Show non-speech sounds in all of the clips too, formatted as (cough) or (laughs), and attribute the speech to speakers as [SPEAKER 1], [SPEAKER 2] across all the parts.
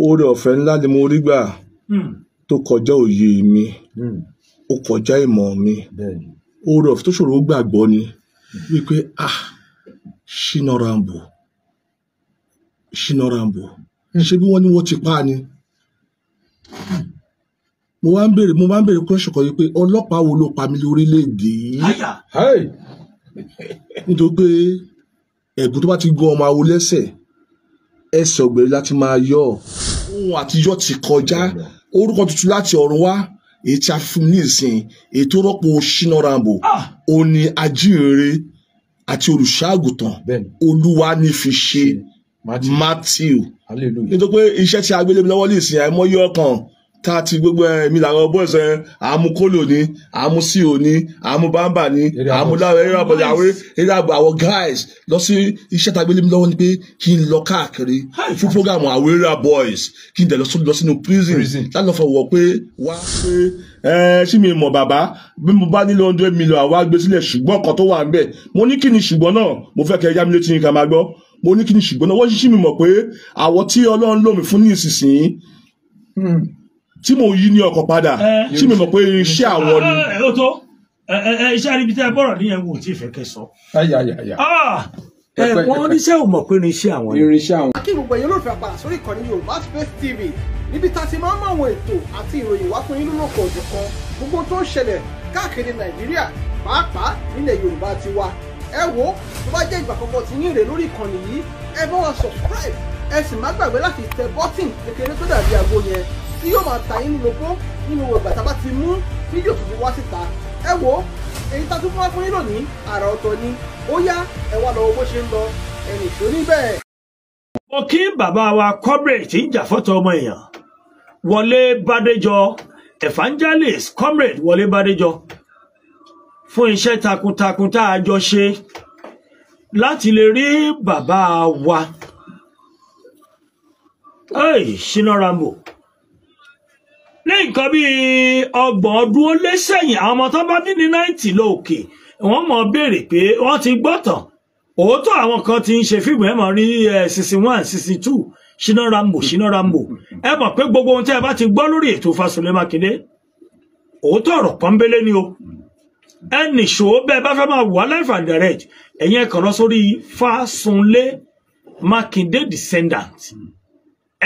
[SPEAKER 1] oore ọ̀fẹ́ ńlá ni mo rí gbà hmm. tó kọjá òye mi hmm. ó kọjá ìmọ̀ mi oore ọ̀fẹ́ tó ṣòro gbàgbọ́ ni wípé ah Shina Rambo Shina Rambo hmm. ṣé bí wọ́n ní wọ́n ti pa ni mo wá ń béèrè mo wá ń béèrè kúrẹ́ṣọ̀ kan yìí pé ọlọ́pàá wo ló pa mí lórílẹ̀‐èdè yìí nítorí pé ẹ̀gún tó bá ti gun ọmọ awo lẹ́sẹ̀ ẹsẹ̀ ògbèrè láti máa yọ̀ ohun àtijọ́ ti kọjá orúkọ tuntun láti ọ̀run wá èyí tí a fún ní ìsìn èyí tó rọ́pò Shina Rambo òní ah! ajínrere àti olùṣàgùtàn olúwa ní fi ṣe Matthew nítorí pé iṣẹ́ tí a gbélé mi lọ́wọ́ lè sìn àìmọye ọkàn tá a ti gbogbo ẹ̀mí eh, làwọn ọbọ̀ ẹ̀sẹ̀ eh, àmú kólò ni àmú sí òní àmú bámbà ni àmú láwọn eré àbọ̀dà àwọn eré àbọ̀ àwọn guys lọ sí iṣẹ́ tagbélé mi lọ́wọ́ ni pé kí n lọ káàkiri fún programu àwọn eré boys kí n dẹ̀ lọ sínú prison láti lọ́ fọ wọ̀ pé wá pé ẹ ṣí mi mọ̀ bàbá bí mo bá nílò hundred million àwa gbé sílẹ̀ ṣùgbọ́n kan tó wà ń bẹ̀ mo ní kí ni ṣùgbọ́n náà mo fẹ́ kẹ́ ẹ yá mi létí yín ká máa gbọ́ mo ní kí ni ṣùgbọ́n náà wọ́n ṣíṣí mi mọ̀ pé àwọ̀ tí Ọlọ́run lò mí fún ní ìsinsìnyí hmm tí mo yí ní ọkọ̀ padà eh, tí mi mọ̀ pé eh, iṣẹ́ eh, àwọn ni.
[SPEAKER 2] iṣẹ́ aribi tí a bọ̀rọ̀
[SPEAKER 1] níyẹn wò tí ìfẹ́ kẹ sọ. Ah!
[SPEAKER 3] ẹ̀wọ̀n
[SPEAKER 2] oníṣẹ́ ò mọ̀ pé irinṣẹ́ àwọn ni.
[SPEAKER 3] kí gbogbo ẹ̀yin olóòfẹ́ apá sórí ìkànnì Yorùbá Space TV níbi tá a ti máa ń mọ àwọn ètò àti ìròyìn wá fún yín lọ́nà kọ̀ọ̀dù kan gbogbo tó ń ṣẹlẹ̀ káàkiri Nàìjíríà pàápàá nílẹ̀ Yorùbá ti wa ẹ wo tó bá jẹ́ ìgbà àkọ́kọ́ tí yín rè lórí ìkànnì yìí ẹ bá wa subscribe ẹ sì má gbàgbé láti tẹ bọ́tìn kékeré tó dàbí àgbo yẹn tí yóò máa ta yín lóko nínú ìgbà tá ti mú fídíò tuntun wá síta ẹ wò ó èyí tá a tún fún wá fún yín lónìí àrà ọ̀tọ̀ ni ó yá ẹ wá lọ bó ṣe ń lọ ẹnì tó ní bẹ́ẹ̀.
[SPEAKER 2] mo kí bàbá wa comrade tí ń jà fọ́tọ̀ ọmọ èèyàn wọlé bádéjọ evangelist comrade wọlé bádéjọ fún iṣẹ́ takuntakun tá a jọ ṣe láti lè rí bàbá wa. Hey, Shina Rambo ní nǹkan bíi ọgbọ̀n ọdún ó lé sẹ́yìn àwọn ọmọ tó bá bí ní náìtì lóòkè wọ́n mọ̀ béèrè pé wọ́n ti gbọ́tàn òótọ́ àwọn kan ti ń ṣe fíìmù ẹ̀ mọ̀ rí sixty one sixty two ṣínà rambo ṣínà rambo ẹ mọ̀ pé gbogbo ohun tí ẹ bá ti gbọ́ lórí ètò Fasolé Mákindé òótọ́ ọ̀rọ̀ pọ́nbélé ni o ẹnì ṣòó bẹ́ẹ̀ bá fẹ́ máa wà life and direct ẹ̀yin ẹ̀ kàn lọ sórí Fasolé Mákindé descendant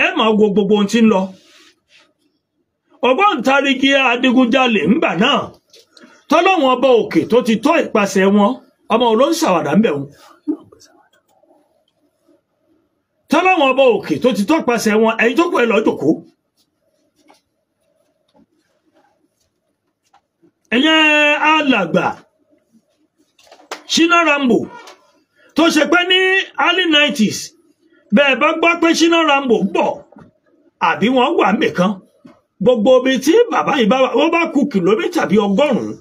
[SPEAKER 2] ẹ mọ̀ gbogbo ohun tí ń lọ ọgbọ́ntarigi adigunjalè ńgbà náà tọ́lọ́wọ́n ọba òkè tó ti tọ́ ìpasẹ̀ wọn ọmọ òun ló ń ṣàwàdà ń wọn tọ́lọ́wọ́n ọba òkè tó ti tọ́ ìpasẹ̀ wọn ẹ̀yìn tó kọ́ ẹ lọ́ọ́ jòkó ẹ̀yẹ́ alàgbà Shina Rambo tó ṣe pé ní early 90s bẹ́ẹ̀ bá gbọ́ pé Shina Rambo gbọ́ àbí wọ́n wà mẹ́kan gbogbo omi tí bàbá yìí bá wọn bá kú kìlómítà bíi ọgọ́rùn-ún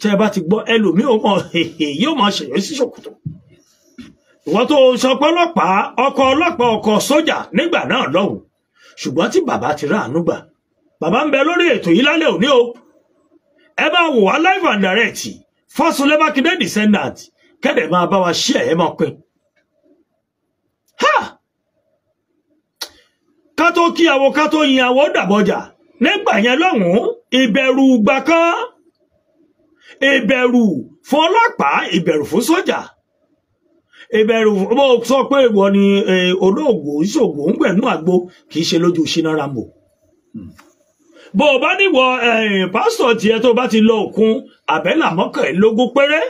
[SPEAKER 2] tẹ ẹ bá ti gbọ́ ẹlòmíì ò mọ yóò máa ṣèyàn sí ṣòkòtò ìwọ tó sọ pé ọlọ́pàá ọkọ ọlọ́pàá ọkọ sójà nígbà náà lọ́hùn ṣùgbọ́n tí bàbá ti ráàánú gbà bàbá ń bẹ lórí ètò yìí lálẹ́ òní o ẹ bá wò wá live and direct Fasunle Makinde descendant kẹ́dẹ̀ máa bá wa ṣí ẹ̀ ẹ́ máa pín. ha tó kí àwọ̀ ká tó yin àwọ̀ dàbọ̀jà nígbà yẹn lọ́hùn-ún ìbẹ̀rù gbà kan ìbẹ̀rù fún ọlọ́pàá ìbẹ̀rù fún sójà ìbẹ̀rù mo sọ pé ìwọ ni olóògbò ìṣògùn ń gbẹ̀nú àgbo kì í ṣe lójú ṣínà rambo hmm. bó o bá níwọ pásítọ̀ tiẹ̀ tó bá ti lọ òkun àbẹ́là mọ́kànlélógún péré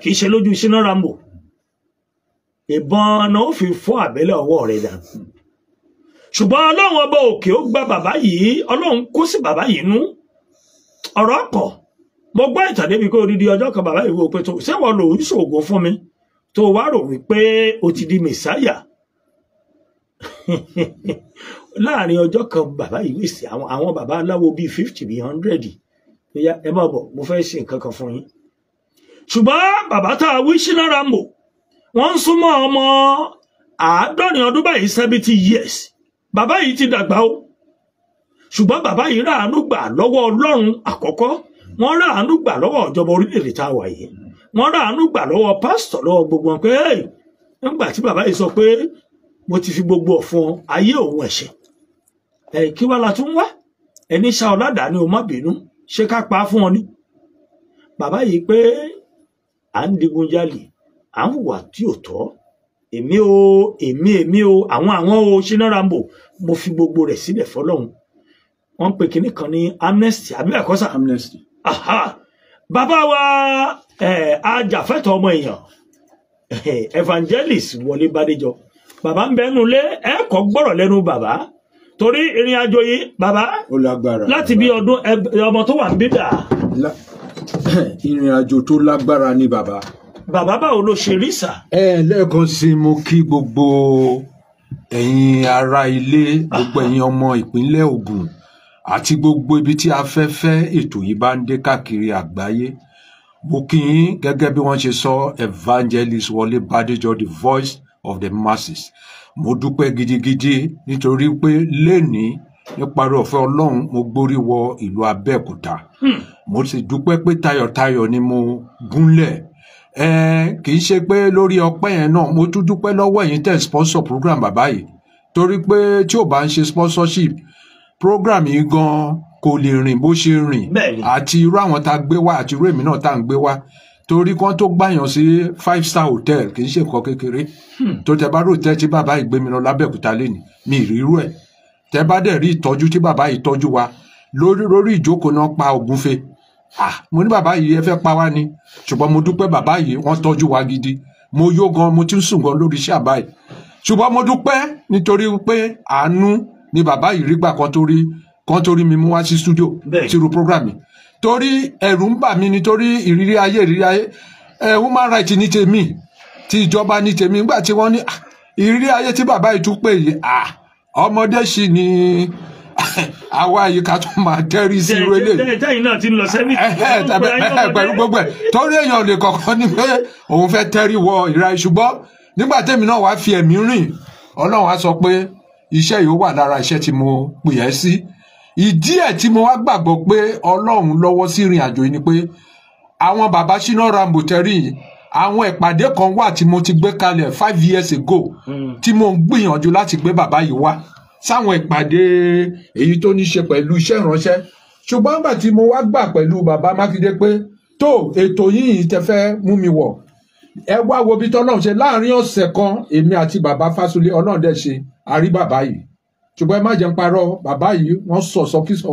[SPEAKER 2] kì í ṣe lójú ṣínà rambo ìbọn náà ó fi fọ́ àbẹ́là ọwọ́ rẹ̀ dànù ṣùgbọ́n ọlọ́run ọba òkè ó gba bàbá yìí ọlọ́run kó sí bàbá yìí nú ọ̀rọ̀ pọ̀ mo gbọ́ ìtàn débi kó rí di ọjọ́ kan bàbá yìí wò pé tó ṣéwọ lò ń ṣògo fún mi tó wá rò wípé o ti di mẹ̀sáyà (laughs) láàrin ọjọ́ kan bàbá yìí wèsì àwọn bàbá aláwo bíi fifty bíi hundred bóyá ẹ má bọ̀ mo fẹ́ ṣe nǹkan kan fún yín ṣùgbọ́n bàbá tá a wí ṣínà rambo wọ́n ń súnmọ́ ọmọ àádọ́rin ọdún báyìí seventy years bàbá yìí ti dàgbà o ṣùgbọ́n bàbá yìí ráàánú gbà lọ́wọ́ ọlọ́run àkọ́kọ́ wọ́n ráàánú gbà lọ́wọ́ ìjọba orílẹ̀-èdè tá a wà yìí wọ́n ráàánú gbà lọ́wọ́ pásítọ̀ lọ́wọ́ gbogbo wọn pé nígbà tí bàbá yìí sọ pé mo ti fi gbogbo ọ̀fun ayé òun ẹ̀ṣẹ̀ ẹ̀ kí wá la tún wá ẹni ṣá ọ̀làdà ni o má bínú ṣé ká pa á fún ọ ní. bàbá yìí pé à ń digunjalè à ń hùwà tí ò tọ́ èmi o èmi èmi o àwọn àwọn o ṣínà rambo mo fi gbogbo rẹ̀ sílẹ̀ fọ́lọ́run wọ́n ń pè kinní kan ní amnesty àbí ẹ̀kọ́ amnesty aha bàbá wa ajàfẹ́tọ̀ọ́ ọmọ èèyàn evangelist wọlé bàdéjọ bàbá ń bẹnu lé ẹ̀kọ́ gbọ́rọ̀ lẹ́nu bàbá torí ìrìn àjò yìí bàbá láti bí ọdún ọmọ tó wà ń bíbà.
[SPEAKER 3] (clears throat) ìrìn àjò tó lágbára ni bàbá bàbá báwo ló ṣe rí sà. ẹ lẹ́ẹ̀kan sí mo kí gbogbo ẹ̀yin ará ilé gbogbo ẹ̀yin ọmọ ìpínlẹ̀ Ògùn àti gbogbo ibi tí afẹ́fẹ́ ètò yìí bá ń dé káàkiri àgbáyé mo kí yín gẹ́gẹ́ bí wọ́n ṣe sọ evangelist Wọlé Bádéjọ the voice of the masses mo dúpẹ́ gidigidi nítorí pé lénìí níparí ọ̀fẹ́ Ọlọ́run mo gbórí wọ ìlú Abẹ́òkúta hmm. mo sì dúpẹ́ pé tayọ̀tayọ̀ ni mo gúnlẹ̀ kì í ṣe pé lórí ọpẹ́ yẹn náà mo tún dúpẹ́ lọ́wọ́ ẹ̀yin tẹ̀ sponsor program bàbá yìí torí pé tí ò bá ń ṣe sponsorship program yìí gan kò lè rìn bó ṣe rìn àti irú àwọn tá a gbé wá àti irú èmi náà tá a ń gbé wá torí kan tó gbàyàn sí five star hotel kì í ṣe nǹkan kékeré hmm. tó tẹ bá rò tẹ tí bàbá yìí gbé mi lọ lábẹ́òkúta lẹ́nu mi ì rírú ẹ̀ tẹ bá dẹ̀ rí ìtọ́jú tí bàbá yìí tọ́jú wa lórí ìjókòó náà pa ògúnfe ah mo ní bàbá yìí ẹ fẹ́ pa wá ni ṣùgbọ́n mo dúpẹ́ bàbá yìí wọ́n tọ́jú wa gidi mo yó gan mo ti ń sùn gan lórí iṣẹ́ àbáyé ṣùgbọ́n mo dúpẹ́ nítorí pé àánú ni bàbá yìí rí gbà kan tó kan tó mi mú wá sí studio sírú program mi torí ẹ̀rù ń bà mí nítorí ìrírí ayé ìrírí ayé ẹ̀ human right ní tèmi ti ìjọba ní tèmi nígbà tí wọ́n ní ah, ìrírí ayé tí bàbá yìí tún pè yìí ah, ọmọdé sì ni àwa àyíká tó máa tẹ́rí sí irú ilé. tẹ́yìn náà ti ń lọ sẹ́mi. pẹ̀lú gbogbo ẹ̀ torí èèyàn lè kọ̀ọ̀kan ni pé òun fẹ́ tẹ́rí wọ ìra ṣùgbọ́n nígbà tẹ́mi náà wàá fi ẹ̀mí rìn ọlọ́run á sọ pé iṣẹ́ yìí ó wà lára iṣẹ́ tí mo pè ẹ́ sí ìdí ẹ̀ tí mo wá gbàgbọ́ pé ọlọ́run lọ́wọ́ sí ìrìn àjò yìí ni pé àwọn bàbá Ṣínà Rambo tẹ́rí àwọn ìpàdé kan wà tí mo ti gbé kalẹ̀ five years ago tí mo ń gbìyànjú láti gbé bàbá yìí wá. Mm sáwọn ìpàdé èyí tó ní ṣe pẹ̀lú iṣẹ́ ìránṣẹ́ ṣùgbọ́n nígbà tí mo wá gbà pẹ̀lú bàbá Mákindé pé tó ètò yìí tẹ fẹ́ mú mi wọ̀ ẹ wá wo bí tọ́lọ́run ṣe láàrin ọ̀sẹ̀ kan èmi àti bàbá Fásulé Ọlọ́run dẹ̀ ṣe àrí bàbá yìí ṣùgbọ́n ẹ má jẹ́ ń parọ́ bàbá yìí wọ́n sọ sọkísọ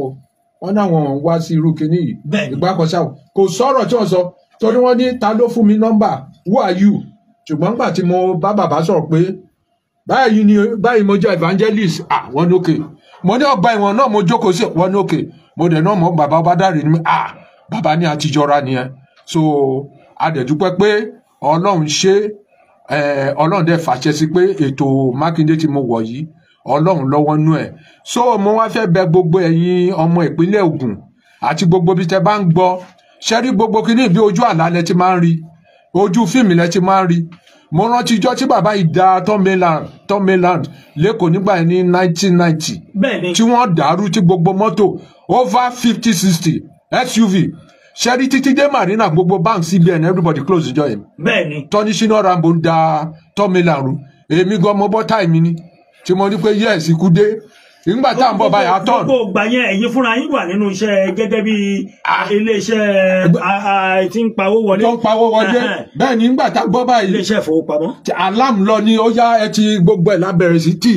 [SPEAKER 3] wọn náwọn wá sí irú kinní yìí ìgbà kan kò sọ̀rọ̀ tí wọ́n sọ torí wọ́n ní ta ló fún mi nọ́mbà who are you ṣùgbọ́n nígbà tí mo bá bàbá sọ̀rọ̀ pé báyìí ni báyìí mo jẹ́ evangelist ah wọ́n ní òkè mo ní ọgbà ìwọ̀n náà mo jókòó sí wọ́n ní òkè mo dẹ̀ náà mọ̀ bàbá ọba dáre ni ah bàbá ní àtijọ́ra nìyẹn so adẹ̀dúpẹ́ pé ọlọ́run ṣe ọlọ́run dẹ̀ fàṣẹ sí pé ètò mákindé tí mo wọ̀ yìí ọlọ́run lọ́wọ́ nú ẹ̀ so mo wá fẹ́ bẹ gbogbo ẹ̀yin ọmọ ìpínlẹ̀ Ògùn àti gbogbo bí tẹ bá ń gbọ́ ṣẹ́rí gbogbo kìíní bí ojú àlá lẹ ti máa ń rí ojú fíìmù lẹ ti máa ń rí mo rántí ijọ́ tí bàbá yìí da Tom Mailand Tom Mailand lẹ́kọ̀ọ́ nígbà yẹn ní nineteen ninety tí wọ́n dàrú tí gbogbo mọ́tò over fifty sixty SUV ṣẹ́rí títí dé marina gbogbo bank CBN everybody close ijọ́ yẹn tọ́ni ṣínà Rambo ń da Tom Mailand rú èmi gan mo bọ́ táìmì ni tí mo ní pé yẹ́ẹ̀sì kú dé nígbà tá à ń bọ̀ báyìí atọ́n. gbogbo ìgbà yẹn ẹ̀yin fúnra yín wà nínú iṣẹ́ gẹ́gẹ́ bí ah. iléeṣẹ́ tí ń pawó wọlé. tó ń pawó wọlé bẹ́ẹ̀ ni nígbà tá a gbọ́ báyìí. iléeṣẹ́ ìfowópamọ́. alam lọ ni ó yá ẹ ti gbogbo ẹ̀ lábẹ̀rẹ̀ sí tì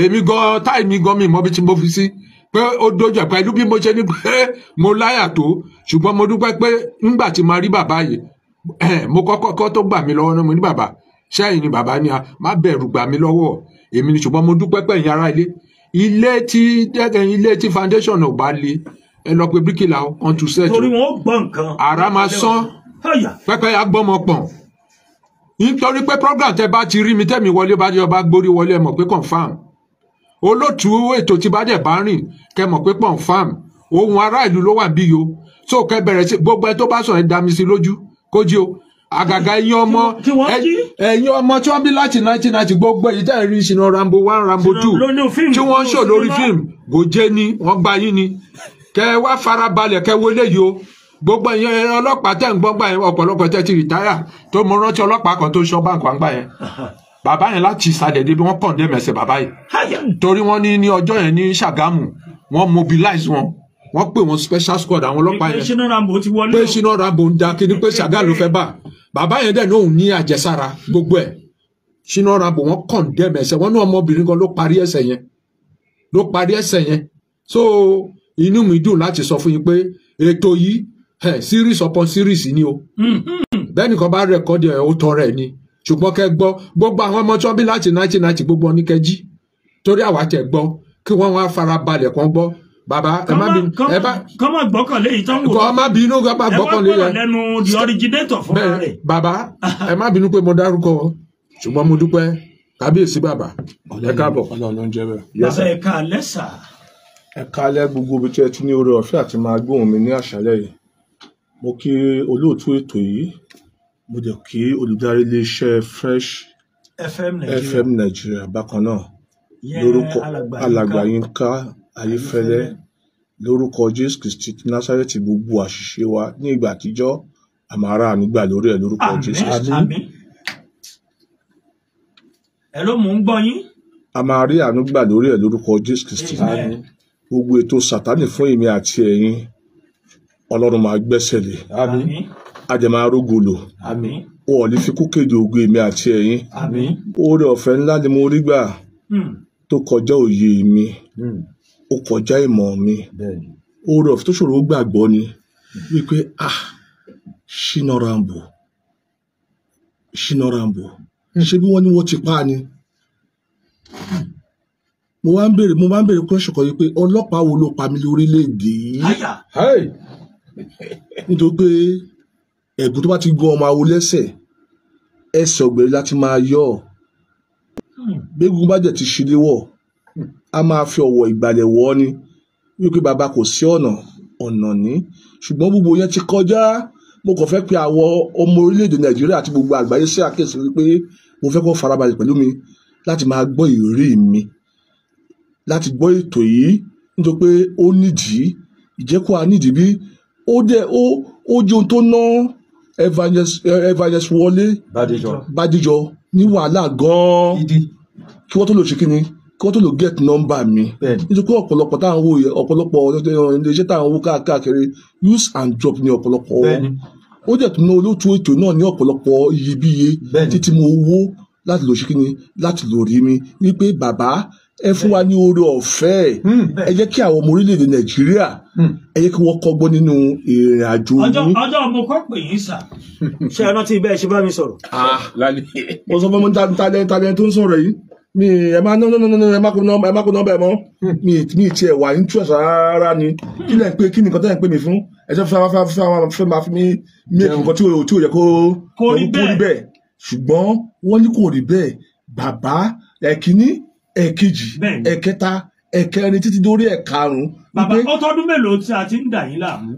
[SPEAKER 3] èmi gan táì gan mi mọ bí tí mo fi sí pé ó dojú ẹ̀ pẹ̀lú bí mo ṣe ní pé mo láyà tó ṣùgbọ́n mo dúpẹ́ pé nígbà tí mo rí bàbá yìí mo kọ́kọ́ tó gbà mí lọ́wọ́ náà mo ní bàbá ṣẹ́yìn ni bàbá ni a má bẹ̀rù gbà mí lọ́wọ́ èmi ni ṣùgbọ́n mo dúpẹ́ pẹ̀yìn ará ilé ilé tí ilé tí foundation ò bá le ẹ lọ pe bíríkìlà kan tù sẹ́ẹ̀tù torí wọn ó gbọ́ nǹkan ara máa sán pẹ́pẹ́ yà gbọ́mọ pọ̀n nítorí pé program tẹ bá ti rí mi tẹ́mi wọlé bá jẹ́ ọba gbórí wọlé ẹ mọ̀ pé confam olótú ètò tí bá dẹ̀ bá rìn kẹ mọ̀ pé confam ohun ará ìlú ló wà bí yo so kẹ bẹ̀rẹ̀ sí gbogbo ẹ tó bá sọ̀rọ̀ ẹ dá mi sí lójú kó jí o àgàgà ẹ̀yin ọmọ ẹ̀yin ọmọ tí wọ́n bí láti nineteen ninety gbogbo èyí tẹ̀ ń rí ìṣìnà rambo one rambo two tí wọ́n ń ṣò lórí fíìmù gòjé ni wọ́n gba yín ni kẹ wá farabalẹ̀ kẹ wo eléyìí o gbogbo ẹ̀yin ọlọ́pàá tẹ̀ ń gbọ́ngbà yẹn ọ̀pọ̀lọpọ̀ tẹ̀ ti rìtáyà tó mọ rántí ọlọ́pàá kan tó ṣọ́ báńkì wàǹgbà yẹn bàbá yẹn láti ìsàlẹ̀ débi wọ́n kàn dé mẹ̀sẹ̀ bàbá yìí torí wọ́n ní ní ọjọ́ yẹn ní Ṣàgámù wọ́n mobilize wọn wọ́n pè wọ́n special squad àwọn ọlọ́pàá yẹn pé Ṣínà Rambo ń da kí ni pé Ṣàgá ló fẹ́ bá bàbá yẹn dẹ̀ lóun ní àjẹsára gbogbo ẹ̀ ṣínà rabo wọ́n kọ̀ǹdẹ́mẹ̀ ẹsẹ̀ wọ́n ní ọmọbìnrin kan ló parí ẹsẹ̀ yẹn ló parí ẹsẹ̀ yẹn so inú mi dùn láti sọ fún yín pé ètò yìí ẹ eh, series upon series ni o mm-hmm. bẹ́ẹ̀ni kan bá rẹ̀kọ́dì ẹ̀ ó tọ́ rẹ̀ ni ṣùgbọ́n kẹ́ gbọ́ gbogbo àwọn ọmọ tí wọ́n bí láti náìtì náìtì gbogbo ní kẹ́ jí torí àwa tẹ̀ gbọ́ kí wọ́n wá fara balẹ̀ kan gbọ́ baba ẹ má bínú ẹ bá kọ́mọ gbọ́kànlé yìí tán wò kọ́ má bínú kọ́ má gbọ́kànlé yẹn ẹ
[SPEAKER 2] wá gbọ́dọ̀ lẹ́nu
[SPEAKER 3] the baba ẹ má bínú pé mo dárúkọ ṣùgbọ́n mo dúpẹ́ kábíyèsí bàbá ẹ káàbọ̀ bàbá ẹ
[SPEAKER 1] ká lẹ́sà. ẹ ká lẹ́ gbogbo ibi tí ẹ ti ní oore ọ̀fẹ́ àti máa gbóhùn mi ní àṣálẹ́ yìí mo kí olóòtú ètò yìí mo dẹ̀ kí olùdarí iléeṣẹ́ fresh fm nigeria bákan náà lórúkọ alàgbà yín ká ayéfẹ́lẹ́ lórúkọ jésù kristi ti násárẹ́tì gbogbo àṣìṣe wa ní ìgbà àtijọ́ àmàrà ànúgbà lórí ẹ̀ lórúkọ jésù kristi. àmín ẹ ló mú ń gbọ́ yín. a máa rí àánú gbà lórí ẹ̀ lórúkọ jésù kristi. gbogbo ètò sátánì fún èmi àti ẹ̀yin ọlọ́run máa gbẹ́sẹ̀ lé. àmín àjẹmọ́ arógolo. àmín wọ́n lè fi kú kéde ògo èmi àti ẹ̀yin. oore ọ̀fẹ́ ńlá ni mo rí gbà hmm. tó kọjá òye mi. Hmm ó kọjá ìmọ̀ mi ó rọ̀ tó ṣòro gbàgbọ́ ni wípé ah Shina Rambo Shina Rambo ṣé bí wọ́n ní wọ́n ti pa ni mo wá ń béèrè mo wá ń béèrè kúrẹ́ṣọ̀ kan wípé ọlọ́pàá wo ló pa mí lórílẹ̀‐èdè yìí nítorí pé ẹ̀gún tó bá ti gún ọmọ awo lẹ́sẹ̀ ẹsẹ̀ ọ̀gbẹ̀rẹ̀ láti máa yọ ọ́ hmm. gbégun bá jẹ̀ ti a máa fi ọ̀wọ̀ ìgbàlẹ̀ wọ̀ ni wípé bàbá kò sí ọ̀nà ọ̀nà ní ṣùgbọ́n gbogbo yẹn ti kọjá mo kàn fẹ́ pe àwọn ọmọ orílẹ̀-èdè nàìjíríà àti gbogbo àgbáyé sí àkíyèsí wípé mo fẹ́ kó farabalẹ̀ pẹ̀lú mi láti máa gbọ́ ìrírí mi láti gbọ́ ètò yìí nítorí pé ó nídìí ìjẹ́kọ́ a nídìí bí ó dẹ̀ ó ó jẹ́ ohun tó ná evangelist wọlé bádíjọ ní wàhálà gan-an kí wọ́n tó lè ṣe kí ni kó tó lò get number mi nítorí pé ọ̀pọ̀lọpọ̀ tá à ń wo ọ̀pọ̀lọpọ̀ iléeṣẹ́ tá à ń wo káàkiri use and drop ni ọ̀pọ̀lọpọ̀ ó dẹ̀ tún ná olóòtú ètò náà ní ọ̀pọ̀lọpọ̀ iyebíye títí mo wó láti lò ṣe ni láti lò rí mi wípé bàbá ẹ fún wa ní oore ọ̀fẹ́ ẹ jẹ́ kí àwọn ọmọ orílẹ̀-èdè nàìjíríà ẹ jẹ́ kí wọ́n kọ́gbọ́n nínú ìrìn àjò yìí.
[SPEAKER 2] ọjọ́ mo kọ́ pè yín sà. ṣé ẹ rántí bẹ́ẹ̀ ṣe bá mi sọ̀rọ̀.
[SPEAKER 1] mo sọ fún mi ta lẹ́ni tó ń sọ̀rọ̀ yìí mi ẹ má no no no no ẹ má kó nọ́mbà ẹ má kó nọ́mbà ẹ mọ mi mi tiẹ̀ wà interest rárá ni kí lẹ ń pè kí ni nǹkan tẹ́ ẹ ń pè mí fún ẹ jẹ́ fẹ́ fẹ́ fẹ́ fẹ́ máa fi mí mí nǹkan tí ò tí ò yẹ kó kó rí bẹ́ẹ̀ ṣùgbọ́n wọ́n ní kò rí bẹ́ẹ̀ bàbá ẹ̀kíní ẹ̀kejì ẹ̀kẹta ẹ̀kẹrin títí dórí ẹ̀karùn. bàbá ọtọdún mélòó tí a ti ń dà yín láàmú.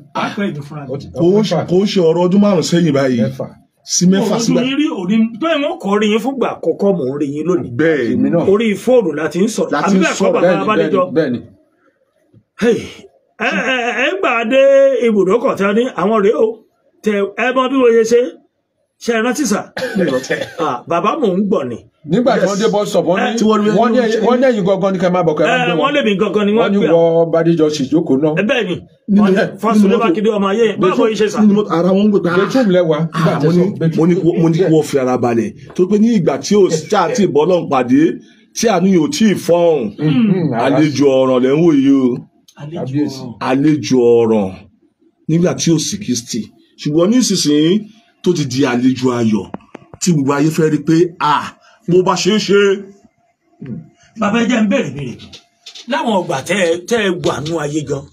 [SPEAKER 1] Ah, sí mẹ́fà sígbà. òun
[SPEAKER 2] rí òní bẹ́ẹ̀ wọ́n kọ́ rí yín fúngbà àkọ́kọ́ mò ń rí yín lónìí. bẹ́ẹ̀ ni orí fóònù láti ń sọ̀rọ̀ àbí bẹ́ẹ̀ kọ́ bàbá abánijọ́. ẹ gbà dé ibùdókọ̀ tí wọ́n ní àwọn rèé o tẹ ẹ mọ bí mo ṣe ṣe ṣe é rántí sà ah, bàbá mò ń gbọ̀
[SPEAKER 3] ni. nígbà tí wọ́n dé bọ́ sọ eh, wọ́n ní wọ́n ní ẹ̀yin gangan ni kẹ́ máa bọ̀ kẹ́ máa eh, gbé wọn. wọ́n lè mi gangan ni wọ́n pè wọ́n. wọ́n ní wọ́n Bádéjọ sì jókòó náà. Eh, bẹ́ẹ̀ ni fásulẹ̀ bá kéde ọmọ ayé báwo iṣẹ́ sà.
[SPEAKER 1] ara wọn gbọdọ ara bẹtùm lẹwa. mo ní kí wọ́n fi ara balẹ̀ tó pé ní ìgbà tí ò ṣáà tí ìbọn náà pàdé tí àníyàn ò tí ì fọ́hùn hmm. Hmm. àlejò ọ̀ràn lẹ́ ń wò yìí o àlejò ọ̀ràn nígbà tí ò sì Kristi ṣùgbọ́n ní ìsinsìnyí tó ti di àlejò ayọ̀ tí gbogbo ayé fẹ́ rí pé à bó bá ṣe é ṣe.
[SPEAKER 2] bàbá ẹ jẹ́ ń béèrè béèrè láwọn ọgbà tẹ́ ẹ tẹ́ ẹ wà nú ayé gan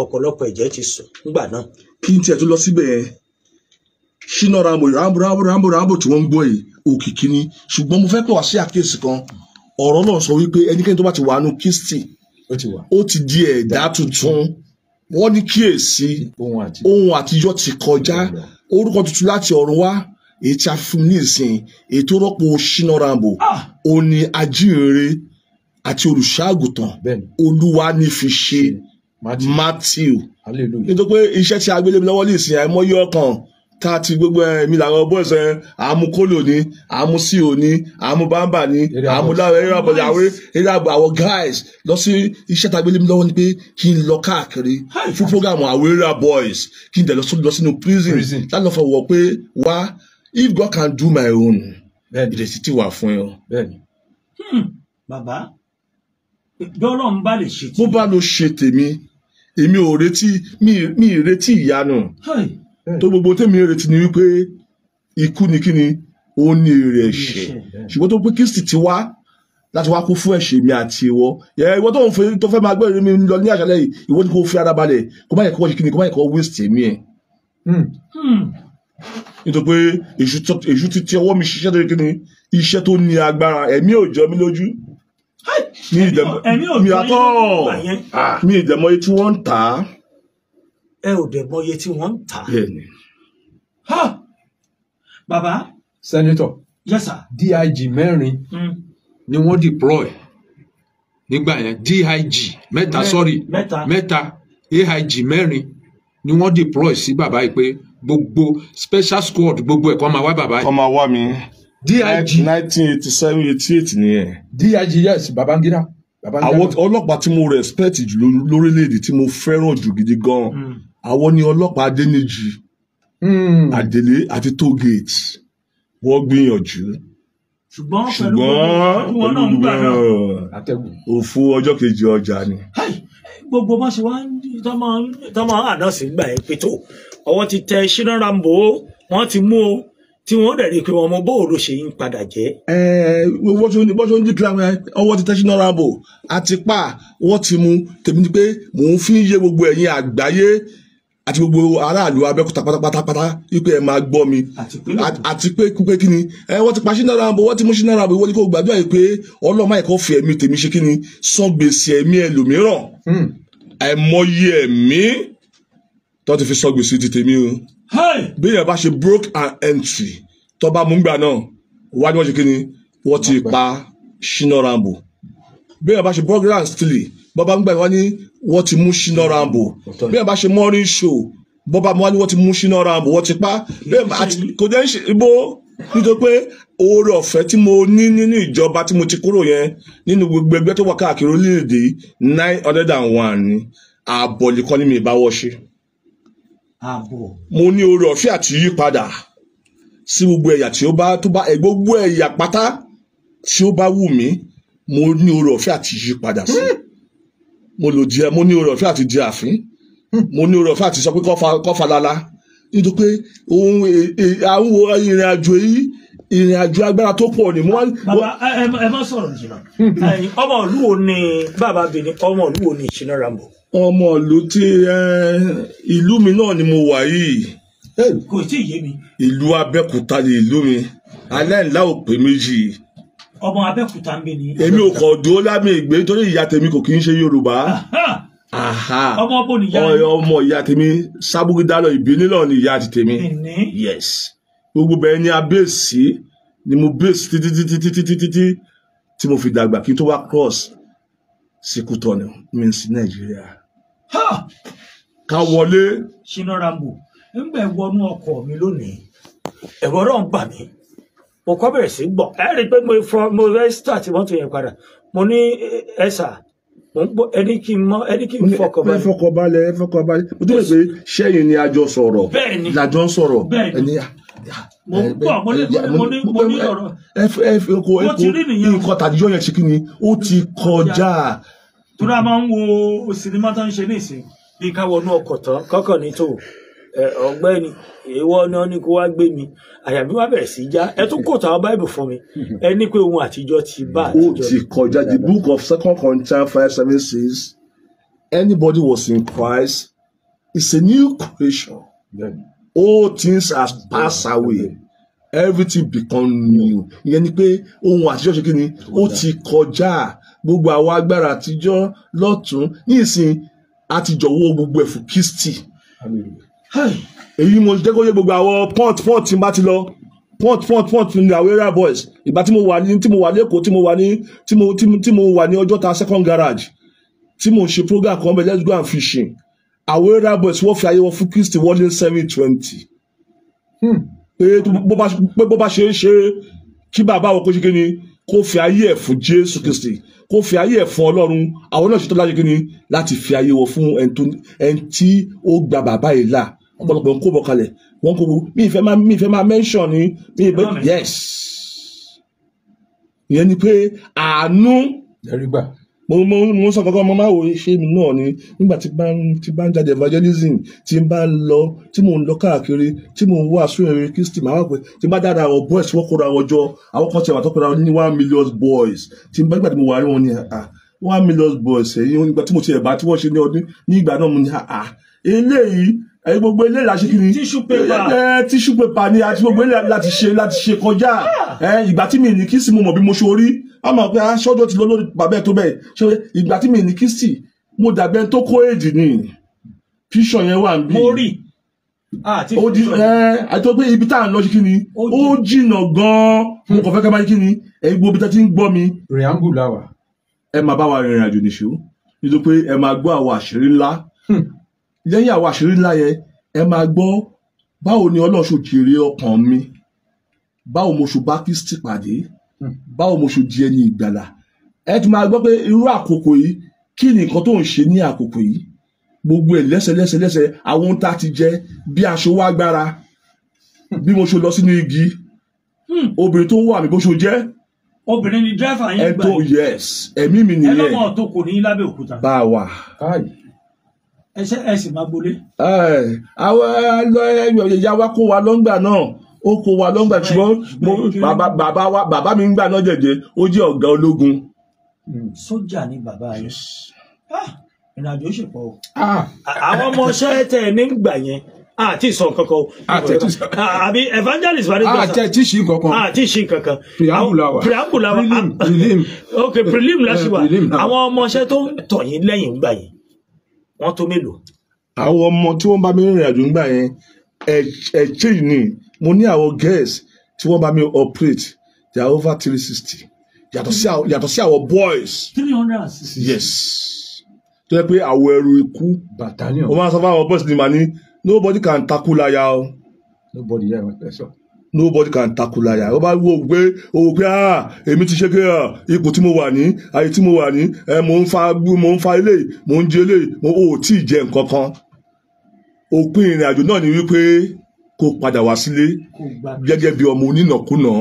[SPEAKER 1] ọ̀pọ̀lọpọ̀ ẹ̀jẹ̀ ti sùn nígbà náà. kí n tiẹ̀ tó lọ síbẹ̀ yẹn ṣínà rambo rambo rambo rambo rambo tí wọ́n ń gbọ́ yìí òkìkí ni ṣùgbọ́n mo fẹ́ pè wá sí àkíyèsí kan ọ̀rọ̀ náà sọ wípé ẹnikẹ́ni tó bá ti wà nù Kristi ó ti di ẹ̀dá tuntun wọ́n ní kíyèsí ohun àtijọ́ ti kọjá orúkọ tuntun láti ọ̀run wá èyí tí a fún ní ìsìn èyí tó rọ́pò Shina Rambo òní ah! ajínrere àti olùṣàgùtàn olúwa ní fi ṣe Matthew nítorí pé iṣẹ́ tí a gbélé lọ́wọ́ ní ìsìn àìmọye ọkàn tá ti gbogbo ẹ̀mí eh, làwọn boys ẹ̀ eh, àmú kólò ni àmú sí òní àmú bámbà ni àmú láwọn eré àbọ̀dé àwọn eré àbọ̀ àwọn guys lọ sí iṣẹ́ tá a gbélé mi lọ́wọ́ ni pé kí n lọ káàkiri fún programu àwọn eré boys kí n dẹ̀ lọ sínú prison láti lọ fọwọ́ pé wá if God can do my own ìrètí ti wà fún ẹ. Hmm, bàbá dọ́lọ́ ń bá lè ṣe tèmi. bó bá lọ ṣe tèmi èmi ò retí mi ì retí ìyanu. Hey tó gbogbo tèmi retí ni wípé ikú ni kíni ó ní èrè ẹ̀ṣẹ̀ ṣùgbọ́n tó pé Kristi ti wá láti wá kú fún ẹ̀ṣẹ̀ mi àti ìwọ yẹ ìwọ tó ń fẹ́ tó fẹ́ máa gbẹrù mi lọ ní àṣálẹ́ yìí ìwọ ni kò fi ara balẹ̀ kó má yẹ kó wọ́n kíni kó má yẹ kó waste èmi ẹ̀. Hmm. Hmm. nítorí pé èṣù ti ọwọ́ mi ṣiṣẹ́ tó kíni iṣẹ́ tó ní agbára ẹ̀mí ò jọ mí lójú mi ìdẹ̀mọ́ mi àtọ́ mi ìdẹ̀mọ́ yìí tí wọ́n ń tà á ẹ ò
[SPEAKER 3] dẹ̀ mọ iye tí wọ́n ń tà. bàbá. sẹ́nitọ̀ yes sir dig mẹ́rin hmm. ni wọ́n deploy nígbà yẹn dig mẹ́ta sorry mẹ́ta aig mẹ́rin ni wọ́n deploy sí bàbá yìí pé gbogbo special squad gbogbo ẹ̀ kó máa wá bàbá yìí. kó máa wá mi
[SPEAKER 1] dig nineteen eighty seven eighty eight nìyẹn. dig yes babangida àwọn ọlọ́pàá tí mo respect jù lórílẹ̀‐èdè tí mo fẹ́ràn jù gidi gan-an hmm àwọn ni ọlọ́pàá Adéníjì Àdèlé hmm. àti Tógèètì wọ́n gbìyànjú
[SPEAKER 2] ṣùgbọ́n pẹ̀lú
[SPEAKER 1] òfu ọjọ́ kejì ọjà ni.
[SPEAKER 2] gbogbo bá ṣe wá tá máa àdásí gbà ẹ́ pé tó ọwọ́ ti tẹ Ṣínà Rambo wọ́n ti mú o tí wọ́n dẹ̀ rí i pé wọn mọ
[SPEAKER 1] bóòrò ṣe ń padà jẹ́. ẹ ẹ bọ́sọ̀ ń dìkìlá wọn ọwọ́ ti tẹ Ṣínà Rambo àti pa wọ́n ti mú tèmi ni pé mò ń fi ń yé gbogbo ẹ̀yin àgbáyé àti gbogbo aráàlú abẹ́kúta pátápátá wípé ẹ máa gbọ́ mi àti pé pé kí ni ẹ wọ́n ti pa Shina Rambo wọ́n ti mú Shina Rambo wọ́n ní kó gbàdúrà yìí pé ọlọ́mọ ẹ̀kọ́ fi ẹ̀mí tèmi ṣe kí ni san gbèsè ẹ̀mí ẹlòmíràn hmm. àìmọye ẹ̀mí tó ti fi san gbèsè ti tèmi o bí èèyàn bá ṣe broke and entry tó bá mú gbà náà wá ní wọ́n ṣe kí ni wọ́n ti pa Shina Rambo bí èèyàn bá ṣe broke and entry bọ́ba ń gbà wọ́n ní wọ́n ti mú Shina Rambo bí wọ́n bá ṣe morning show bọ́ba wọ́n ní wọ́n ti mú Shina Rambo wọ́n ti pa kò jẹ́ ń ṣe ibo nítorí pé oore ọ̀fẹ́ tí mo ní nínú ìjọba tí mo ti kúrò yẹn nínú gbogbo ẹgbẹ́ tó wà káàkiri orílẹ̀-èdè nine hundred and one ni ààbọ̀ nìkan ni mi bá wọ́ ṣe. mo ní oore ọ̀fẹ́ àti yípadà sí gbogbo ẹ̀yà tí ó bá tó bá ẹ̀ gbogbo ẹ̀yà pátá tí ó bá wù mí mo ní oore ọ̀fẹ́ àti yípadà sí. Hmm mo lò jẹ mo ní oore ọ̀fẹ́ àti jẹ àfín hmm. mo ní oore ọ̀fẹ́ àti sọ pé kọfà lala nítorí pé ohun e, e, àwọn ìrìn àjò yìí ìrìn àjò agbára tó pọ̀ ni. Baba
[SPEAKER 2] ẹ má sọ̀rọ̀ jìnnà hmm. ọmọ ìlú wo ni
[SPEAKER 1] bàbá bìíní ọmọ ìlú wo ni Shina Rambo. ọmọ ìlú tí ìlú mi náà ni mo wà yìí. kò tí ì yé mi. ìlú Abẹ́òkúta ni ìlú mi alẹ́ ńlá òpè méjì yìí
[SPEAKER 2] ọmọ abẹ́òkúta ń bẹ nìyí.
[SPEAKER 1] èmi ò kọ̀ dúró lámì ìgbé torí ìyá tèmi kò kì í ṣe yorùbá. ọmọ bò níyà rẹ ọmọ ìyá tèmi sábúgídálọ ìbínílọ ni ìyá ti tèmi. yes gbogbo bẹ́ẹ̀ ni a bẹ́ẹ̀sì ni mo bẹ́ẹ̀sì títí títí títí títí tí mo fi dàgbà kí n tó wá cross sí Kútọ̀nù mi sí nàìjíríà. ká wọlé.
[SPEAKER 2] Shina Rambo ń bẹ̀ wọnú ọkọ̀ mi lónìí ẹ̀rọ ọ̀rọ̀ ń gbà mí mo kọ́ bẹ̀rẹ̀ sí gbọ̀ ẹ rí i pé mo fọ mo fẹ́ start mọ́tò yẹn padà mo ní ẹ̀sà
[SPEAKER 1] mo ń gbọ́ ẹni kí n mọ ẹni kí n fọkànbalẹ̀. ẹ fọkànbalẹ̀ ẹ fọkànbalẹ̀ mo tún lè pé sẹ́yìn ni a jọ sọ̀rọ̀ la jọ ń sọ̀rọ̀ ẹni ah, ah, mo ń eh, gbọ́ eh, mo ní mo ní mo ní eh, ọ̀rọ̀ ẹ fi oko eko ni ó ti kọjá.
[SPEAKER 2] tura máa ń wo sinimá tó ń ṣe ní ìsìn bí ká wọnú ọkọ̀ tán kọ́kọ́ ní tòun ọ̀gbẹ́ni èèwọ̀ ni wọ́n ní kó wá gbé mi àyàbí wá bẹ̀rẹ̀ sí í já ẹ tún kóòtù àwọn báìbù fún mi ẹ ní pé ohun àtijọ́ ti bá àtijọ́. ó ti kọjá the
[SPEAKER 1] book of second Corinthians five seven six anybody was in Christ is a new creation all things have passed away everything become new ìyẹn ni pé ohun àtijọ́ ṣe kí ni ó ti kọjá gbogbo àwọn agbára àtijọ́ lọ́tún ní ìsìn àtijọ́ wo gbogbo ẹ̀fù Kristi. Hallelujah èyí mo jẹ́ kó yé gbogbo àwọn pọ́ǹt pọ́ǹt tí n bá ti lọ pọ́ǹt pọ́ǹt pọ́ǹt ní àwẹ́rà boys ìgbà tí mo wà ní tí mo wà lẹ́kọ̀ọ́ tí mo wà ní tí mo tí mo wà ní ọjọ́ta second garage tí mo ṣe program kan let's go and fishing àwẹ́rà boys wọ́n fi ayé wọn fún Kristi wọ́n seven twenty hmm. pé bó bá ṣe é ṣe kí bàbá wọn kó ṣe ni kó fi ayé ẹ̀ fún Jésù Kristi kó fi ayé ẹ̀ fún Ọlọ́run àwọn náà ṣètò láti kí ni láti fi ayé wọn fún ẹni tí ó gba bàbá yìí là ọ̀pọ̀lọpọ̀ ń kó bọ̀ kalẹ̀ wọ́n kó mi ìfẹ́ máa mi ìfẹ́ máa mention ni mi ìfẹ́ yes ìyẹn ni pé àánú mo mo mo sọ kankan mo máa wo ṣé mi náà ni nígbà tí bá tí bá ń jáde evangelism tí bá ń lọ tí mò ń lọ káàkiri tí mò ń wá sóyèrè kristi màá wà pé tí bá dára àwọn boys wọ́n kóra wọn jọ àwọn kan ti àwọn tó kóra ní one million boys tí bá gbàdúrà mo wà rí wọn ní ah, ah, one million boys ẹ̀yìn nígbà tí mo ti ẹ̀ bá tí wọ́n ṣe ní ọdún ní ìgbà náà mo ní ah, eléyìí ẹyin gbogbo ilé ìlàṣẹ kiri tíṣù pépà ẹ tíṣù pépà ni àti gbogbo ilé láti ṣe láti ṣe kọjá ah. ẹ ìgbà tí mi ní kí sì mo mọ̀ bí mo ṣe orí a mọ̀ pé aṣọ́jọ́ ah, ti lọ lórí bàbá ẹ̀ tó bẹ́ẹ̀ ṣe ìgbà tí mi ní kí sì mo dàbẹ́ tó kó èdè ni píṣọ yẹn wà níbí. mo rí àti píṣọ yẹn. àti pé ibi tá à ń lọ sí kí ni ó jìnnà gan-an mo kàn fẹ́ ká bá yí kí ni ẹ̀yin gbogbo ibi tá ń gbọ́ mi. rìangù ẹ máa bá wa rìnrìn àjò nìṣó lẹ́yìn àwọn àṣírí ńlá yẹn ẹ máa gbọ́ báwo ni ọlọ́run ṣò jèrè ọkàn mi báwo mo ṣò bá Kristi pàdé báwo mo ṣò di ẹni ìgbàlà ẹ ti máa gbọ́ pé irú àkókò yìí kí ni nǹkan tó ń ṣe ní àkókò yìí gbogbo ẹ̀ lẹ́sẹ̀lẹ́sẹ̀lẹ́sẹ̀ àwọn ohun tá a ti jẹ bí aṣọ wá gbára bí mo ṣe lọ sínú igi hmm. obìnrin tó ń wà mí bó ṣe jẹ́ obìnrin ni dírẹ́fà yẹn gbà ẹ tó yes ẹ̀mí mi nìyẹn ẹ lọ́mọ tó kò ní lábẹ́ òkúta bá ẹsẹ ẹsẹ máa gbolé. àwọn ẹyà wa kó wa lọ́ngbà náà ó kó wa lọ́ngbà ṣùgbọ́n bàbá wa bàbá mi ń gbà náà jẹ̀jẹ̀ ó jẹ́ ọ̀gá ológun.
[SPEAKER 2] Hmm, sójà ni bàbá rẹ ah, ìrìnàjò ṣe pọ̀ o ah. àwọn ọmọọṣẹ́ tẹ ẹ nígbà yẹn àti sọ kankan o ah, àbí evangelist wà ní gbèsè àti ṣì kankan àti ṣì kankan preambula wa preambula ok prelim la eh, ṣe wa àwọn
[SPEAKER 1] ọmọọṣẹ́ tó ń tọ̀ lẹ́yìn gbà yẹn wọ́n tó mélòó. àwọn ọmọ tí wọ́n bá mi rìnrìn àjò ńgbà yẹn exchange ni mo ní àwọn girls tí wọ́n bá mi operate they are over three sixty yàtọ̀ sí àwọn boys. three hundred and sixty. yes tó yẹ pé àwọ̀ ẹrù ikú. battalion. wọ́n máa sọ fún àwọn boys ni màá ní nobody can tackle láyà o. nobody yẹ ẹ sọ. So nobody can takulaya ó bá wo pé o pé ah èmi ti ṣe pé ah ipò tí mo wà ní ayé tí mo wà ní ẹ mò ń fa mò ń fa eléyìí mò ń jẹ eléyìí mo ò tí ì jẹ nǹkan kan òpin ìrìn àjò náà ni wípé kó padà wá sílé gẹ́gẹ́ bí ọmọ onínàkúnà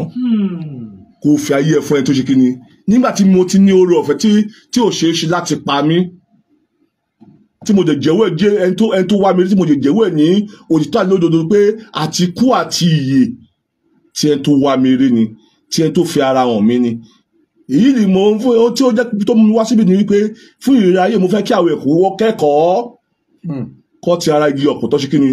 [SPEAKER 1] kó fi ayé ẹ̀ fún ẹni tó ṣe kí ni mo ti ní oore ọ̀fẹ́ tí tí ò ṣeé ṣe láti pa mí tí mo jẹ jẹ́wọ́ ẹ̀ ẹni tó wá mi tí mo jẹ jẹ́wọ́ ní òtítọ́ àlódodo pé àti àti ìyè tí ẹni tó wá mi rí ni tí ẹni tó fi ara hàn mí ni èyí ni mo ń fún ọ tí ó jẹ́ tó mú mi wá síbi ni wípé fún ìrírí ayé mo fẹ́ kí àwọn ẹ̀kọ́ wọ́n kẹ́kọ̀ọ́ hmm. kọ́ ti ara igi ọ̀pọ̀ tó ṣe kí ni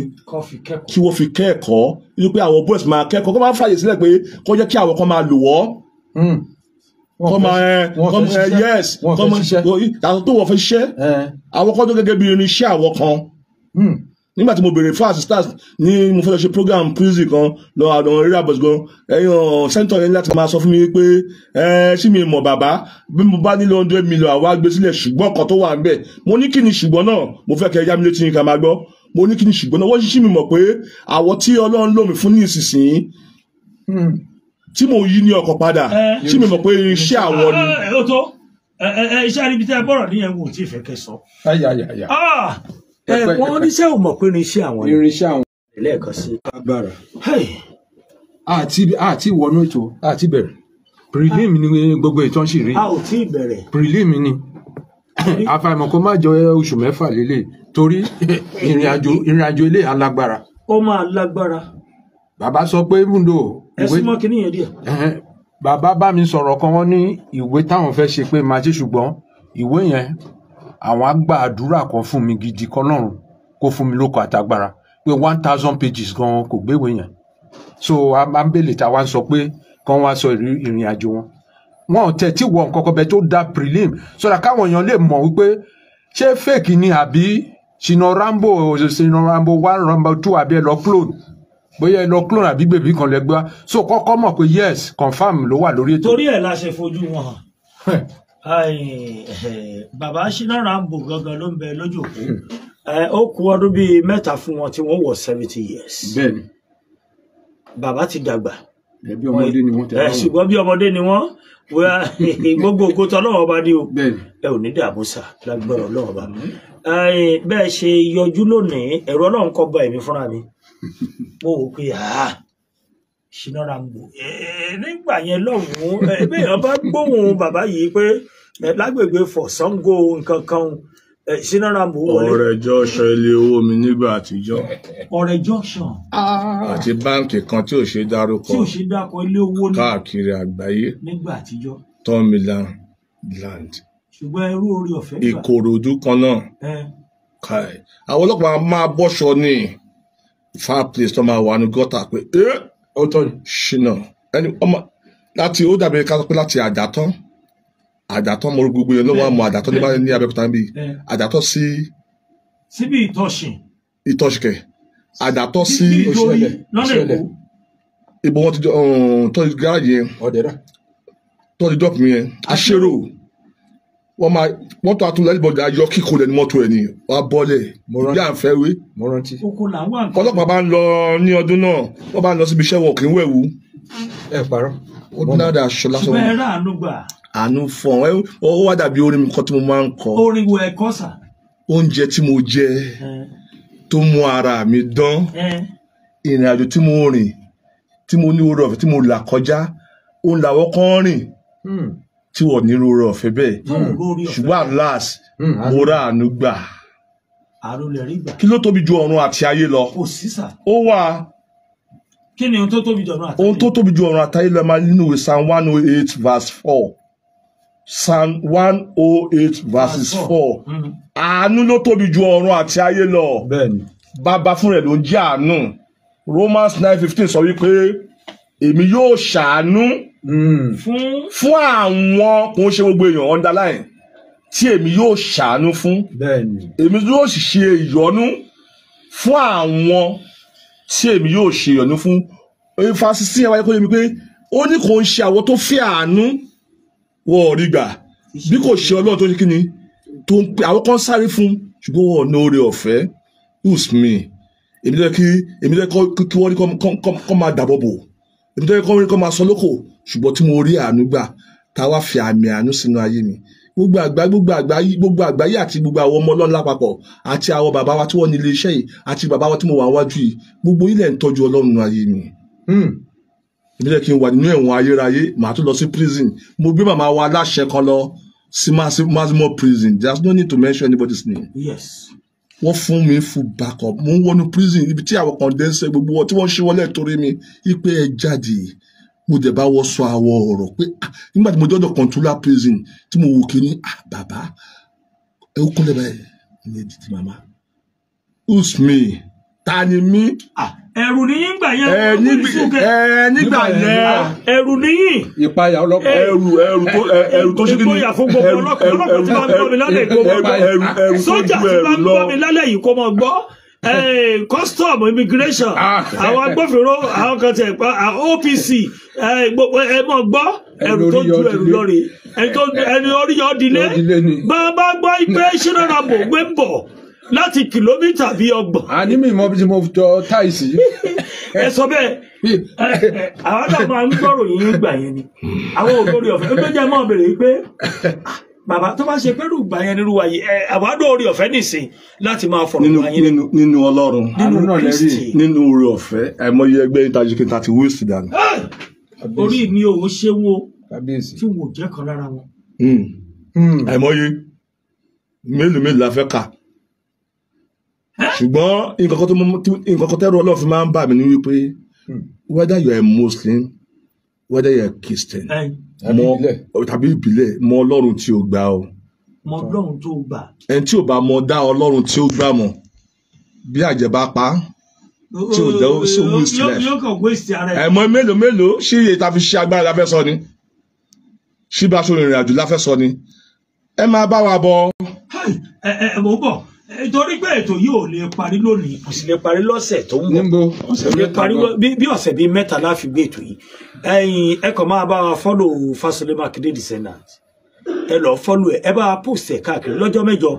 [SPEAKER 1] kí wọ́n fi kẹ́kọ̀ọ́ nínú pé àwọn boys máa kẹ́kọ̀ọ́ kó máa fàyè sílẹ̀ pé kó jẹ́ kí àwọn kan máa lò wọ́ kọ́mọ ẹ kọ́mọ ẹ yẹ́s kọ́mọ àtọ́ tó wọ́n fẹ́ ṣiṣẹ́ eh. àwọn kan tó gẹ́gẹ́ bí irinṣẹ́ àwọn kan. Hmm nígbà tí mo bèrè fún assistance ní mo fẹ́ lọ ṣe program music kan lọ àwọn rírà bọ̀s gan ẹ̀yàn sẹ́ńtọ̀ yẹn láti máa sọ fún mi pé ẹ ṣí mi mọ̀ bàbá bí mo bá nílò hundred million àwa gbé sílẹ̀ ṣùgbọ́n kan tó wà ń mo ní kí ni ṣùgbọ́n náà mo fẹ́ kẹ́ ẹ yá mi létí yín ká máa gbọ́ mo ní kí ni ṣùgbọ́n náà wọ́n ṣí mi mọ̀ pé àwọ̀ tí Ọlọ́run lò mí fún ní ìsinsìnyí hmm. tí mo yí ní ọkọ̀ padà ṣí mi mọ̀ pé iṣẹ́ àwọ̀ ni iṣẹ́ àríbi tẹ́
[SPEAKER 2] bọ́rọ̀ níyẹn wò tí ì fẹ́ ẹ
[SPEAKER 3] wọn oníṣẹ́ ò mọ̀ pé irinṣẹ́ àwọn ni irinṣẹ́ àwọn lẹ́ẹ̀kan sí. agbára àti àti wọnú ètò àti bẹ̀rẹ̀ prelim ni gbogbo ìtàn sì rí. a ò tí ì bẹ̀rẹ̀. prelim ni àfàìmọ̀ kó má jọ oṣù mẹ́fà lélẹ̀ torí (laughs) ìrìnàjò ìrìnàjò ilé alágbára. ó máa lágbára. bàbá sọ pé múndò. ẹ sì mọ kíní yẹn díẹ̀. bàbá bá mi sọ̀rọ̀ kan wọ́n ní ìwé táwọn fẹ́ ṣe pé màá ṣe ṣùgbọ́n ìwé yẹn àwọn á gba àdúrà kan fún mi gidi kan lọ́rùn kó fún mi lókọ àtagbára pé one thousand pages gan kò gbéwé yẹn so a ń bèlè ta wá ń sọ pé kán wá sọ ìrìn àjò wọn wọn ò tẹ̀ tí wọ nǹkan kan bẹ tó da prelim sọdà káwọn èèyàn lè mọ̀ wípé ṣé fake ni àbí ṣìnà rambo ṣìnà rambo one rambo two àbí ẹ lọ clone bóyá ẹ lọ clone àbí bèbí kan lẹgbẹ so kọ́kọ́ mọ̀ pé yes confam ló wà lórí ètò. torí ẹ̀ la ṣe fojú wọn hàn
[SPEAKER 2] (laughs) Eh, bàbá Shina Rambo gangan ló ń bẹ lójú òkú hmm. eh, ó kù ọdún bíi mẹ́ta fún wọn tí wọ́n wọ seventy years. bẹ́ẹ̀ni. bàbá ti dàgbà. Eh, bí ọmọdé ni wọ́n tẹ̀lé wọn. ṣùgbọ́n bí ọmọdé ni wọ́n (laughs) gbogbo ògo tọ́lọ́wọ́ bá ní o ẹ ò ní dààmú sá lágbára ọlọ́wọ́ bá hmm. bẹ́ẹ̀ ṣe yọjú lónìí ẹ̀rọ ọlọ́run kọ́ bá ẹ̀mí fúnra mi (laughs) mo wò pé àá. Ṣínà Rambo nígbà yẹn lọ́hùn-ún ẹgbẹ́ ọba gbóhùn bàbá yìí pé lágbègbè fọ̀sángó nǹkan kan Ṣínà Rambo wọlé.
[SPEAKER 1] ọ̀rẹ́ jọ́sán ilé owó mi nígbà àtijọ́. ọ̀rẹ́ jọ́sán.
[SPEAKER 2] Ah. àti
[SPEAKER 1] báǹkì kan tí ò ṣe dárúkọ. tí ò ṣe dárúkọ ilé owó ní. káàkiri àgbáyé.
[SPEAKER 2] nígbà àtijọ́.
[SPEAKER 1] tọ́milan land.
[SPEAKER 2] ṣùgbọ́n irú orí
[SPEAKER 1] ọ̀fẹ́ gbà. ìkòròdú kan náà. àwọn ọlọ́pàá máa bọ́ṣọ ní fireplace tó máa wà ní gọ́tà pé ó tọ́ ni. ṣìnà ẹni ọmọ láti ó dàbí ká pé láti àjàtán àjàtán mo gbogbo yẹn lọ́wọ́ àmọ́ àjàtán ní abẹ́òkúta níbí àjàtán sí. síbi ìtọ̀sìn. ìtọ̀sìn kẹ̀ àjàtán sí òṣèlè òṣèlè ibo wọn ti um, tọ́jú gáràjì yẹn tọ́jú dọ́pù yẹn aṣèrò wọ́n máa mọ́tò atúnlẹ̀ bọ̀dà ayọ̀ kíkó lẹ́nu mọ́tò ẹ̀ ni wọ́n á bọ́lẹ̀ bí à ń fẹ́ wé. ọlọ́pàá bá ń lọ ní ọdún náà wọ́n bá ń lọ síbi iṣẹ́ wọn kì í wẹ̀wù. ẹ parọ́. ó dín náà dà aṣọ lásán. ṣùgbọ́n ẹ rà ánú gbà. àánú fún ọ ó wá dàbí orin mi kan tí mo máa ń kọ. orin wo ẹ̀kọ́ sà. oúnjẹ tí mo jẹ tó mú ara mi dán ìrìn àjò tí tí wọ́n ní rúurọ̀ ọ̀fẹ́ bẹ́ẹ̀ ṣùgbọ́n alas hmm, mo rà àánú gbà kí ló tóbi ju ọ̀run àti ayé lọ ó wà kí ni ohun tó tóbi ju ọ̀run àti ayé ohun tó tóbi ju ọ̀run àti lọ máa nínú ìwé psalm one oh eight verse four psalm one oh eight verse four hmm. àánú ló tóbi ju ọ̀run àti ayé lọ bàbá fún rẹ̀ ló ń jẹ́ àánú romans nine fifteen sọ wípé èmi yóò ṣàánú. Hmm. fún fún àwọn kò ń ṣe gbogbo èèyàn underline tí èmi yóò ṣàánú fún èmi yóò sì ṣe ìyọ́nú fún àwọn tí èmi yóò ṣe ìyọ́nú fún ìfàsísí ẹwà ẹ̀kọ́ yẹmi pé ó ní kò ń ṣe àwọn tó fẹ́ àánú wọ́n ò rí gbà bí kò ṣe ọlọ́run tó ṣe kí ni tó ń pè àwọn kan sáré fún ṣùgbọ́n wọn ò ná oore ọ̀fẹ́ use me èmi tó yẹ kí èmi tó yẹ kí wọ́n kọ́ máa dàbọ̀ bò èmi tó yẹ kí wọ́n máa sọ lóko ṣùgbọ́n tí mo rí àánú gbà tá a wá fi àmì àánú sínú ayé mi gbogbo àgbá gbogbo àgbá gbogbo àgbáyé àti gbogbo àwọn ọmọ ọlọ́run lápapọ̀ àti àwọn bàbá wa tí wọ́n ní ilé iṣẹ́ yìí àti bàbá wa tí mo wà wájú yìí gbogbo ilẹ̀ ń tọ́jú ọlọ́run nínú ayé mi ìbílẹ̀ hmm. kí n wà nínú ẹ̀wọ̀n ayérayé màá tún lọ sí prison mo gbé màmá wa aláṣẹ kan lọ sí maximo prison there's no need to mention anybody's name. yes wọ́n fún mi fún backup mo ń wọnú prison ibi tí àwọn kan dé ń ṣe gbogbo wọn tí wọ́n ṣe wọlé torí mi ipe ẹ jáde mo dẹ̀ bá wọ sọ àwọ̀ ọ̀rọ̀ pé nígbà tí mo dọ́dọ̀ controller prison tí mo wò kíní bàbá ẹ ó kúnlẹ̀ báyìí ní ètìtì màmá usme ta ni mí. ẹ̀rù níyìn gbà yẹn ẹ̀rù nígbà yẹn ẹ̀rù níyìn. ìpayà ọlọ́pàá ẹ̀rù ẹ̀rù tó ẹ̀rù tó ṣe kí ni ìpayà fún gbogbo ọlọ́pàá ọlọ́pàá ti máa ń gbọ́ mi lálẹ́ ìkó mọ́ gbọ́
[SPEAKER 2] sójà ti máa ń gbọ́ mi lálẹ́ ìkó mọ́ gbọ́. Eh, custom immigration ah. àwọn agbófinró àwọn kan tẹ̀ pa ah, OPC eh, gbogbo eh, ẹ mọ̀ gbọ́ ẹrù tó ju ẹrù lórí ẹni orí yọ dilé bàbá gbọ́ ìgbé ṣínà bò gbé ń bọ̀ láti kìlómítà bí ọgbọ̀n. àní ah, mi mọ bí mo tọ táìsì. ẹ sọ bẹ́ẹ̀ àwọn àgbà máa ń gbọ́ròyìn ìgbà yẹn ni àwọn ògbórí ọ̀fẹ́ ló jẹ́ mọ́ bèrè pé bàbá tó bá ṣe pẹ́rù gbà yẹn nírú ayé ẹ àwádọ́ orí ọ̀fẹ́ nìsín láti máa fọ̀rọ̀ gbà yẹn. nínú nínú ọlọ́run nínú kristi
[SPEAKER 1] nínú orí ọ̀fẹ́ àìmọye ẹgbẹ́ ìtajìkì tàti wíìsì dànù. orí
[SPEAKER 2] mi ò ṣe wo tí wò jẹ́ kan lára wọn.
[SPEAKER 1] Hmm. Hmm. àìmọye mélòó mélòó la fẹ́ kà ṣùgbọ́n nǹkan kan tẹ́rù ọlọ́run fi máa ń bà mí ní wípé hmm. whether you are a Muslim whether you're are Christian tàbí ìbílẹ̀ mọ ọlọ́run tí o gbà o.
[SPEAKER 2] mọ ọlọ́run tó gbà.
[SPEAKER 1] ẹni tí ò bá mọ dá ọlọ́run tí ó gbà mọ̀ bí àjẹbá pa tí ò dẹ́wọ́ sí owó ìsìlẹ̀.
[SPEAKER 2] yóò kàn wéṣì ara ẹ̀. ẹ̀mọ́
[SPEAKER 1] mélòó mélòó ṣé iye ta fi ṣe agbára la fẹ́ sọ ni ṣé bá a ṣe rìnrìn àjò la fẹ́ sọ ni ẹ máa bá wa bọ̀.
[SPEAKER 2] ẹ ẹ mo bọ̀ torí pé ètò yìí ò lè parí lónìí kò sì lè parí lọ́sẹ̀ tó ń bọ̀ lè parí bí ọ̀sẹ̀ bíi mẹ́ta la fi gbé ètò yìí ẹ̀yin ẹ kàn máa bá wa fọ́lò Fasolé Makinde descendant ẹ lọ fọ́lò ẹ ẹ bá wa post ẹ káàkiri lọ́jọ́ mẹ́jọ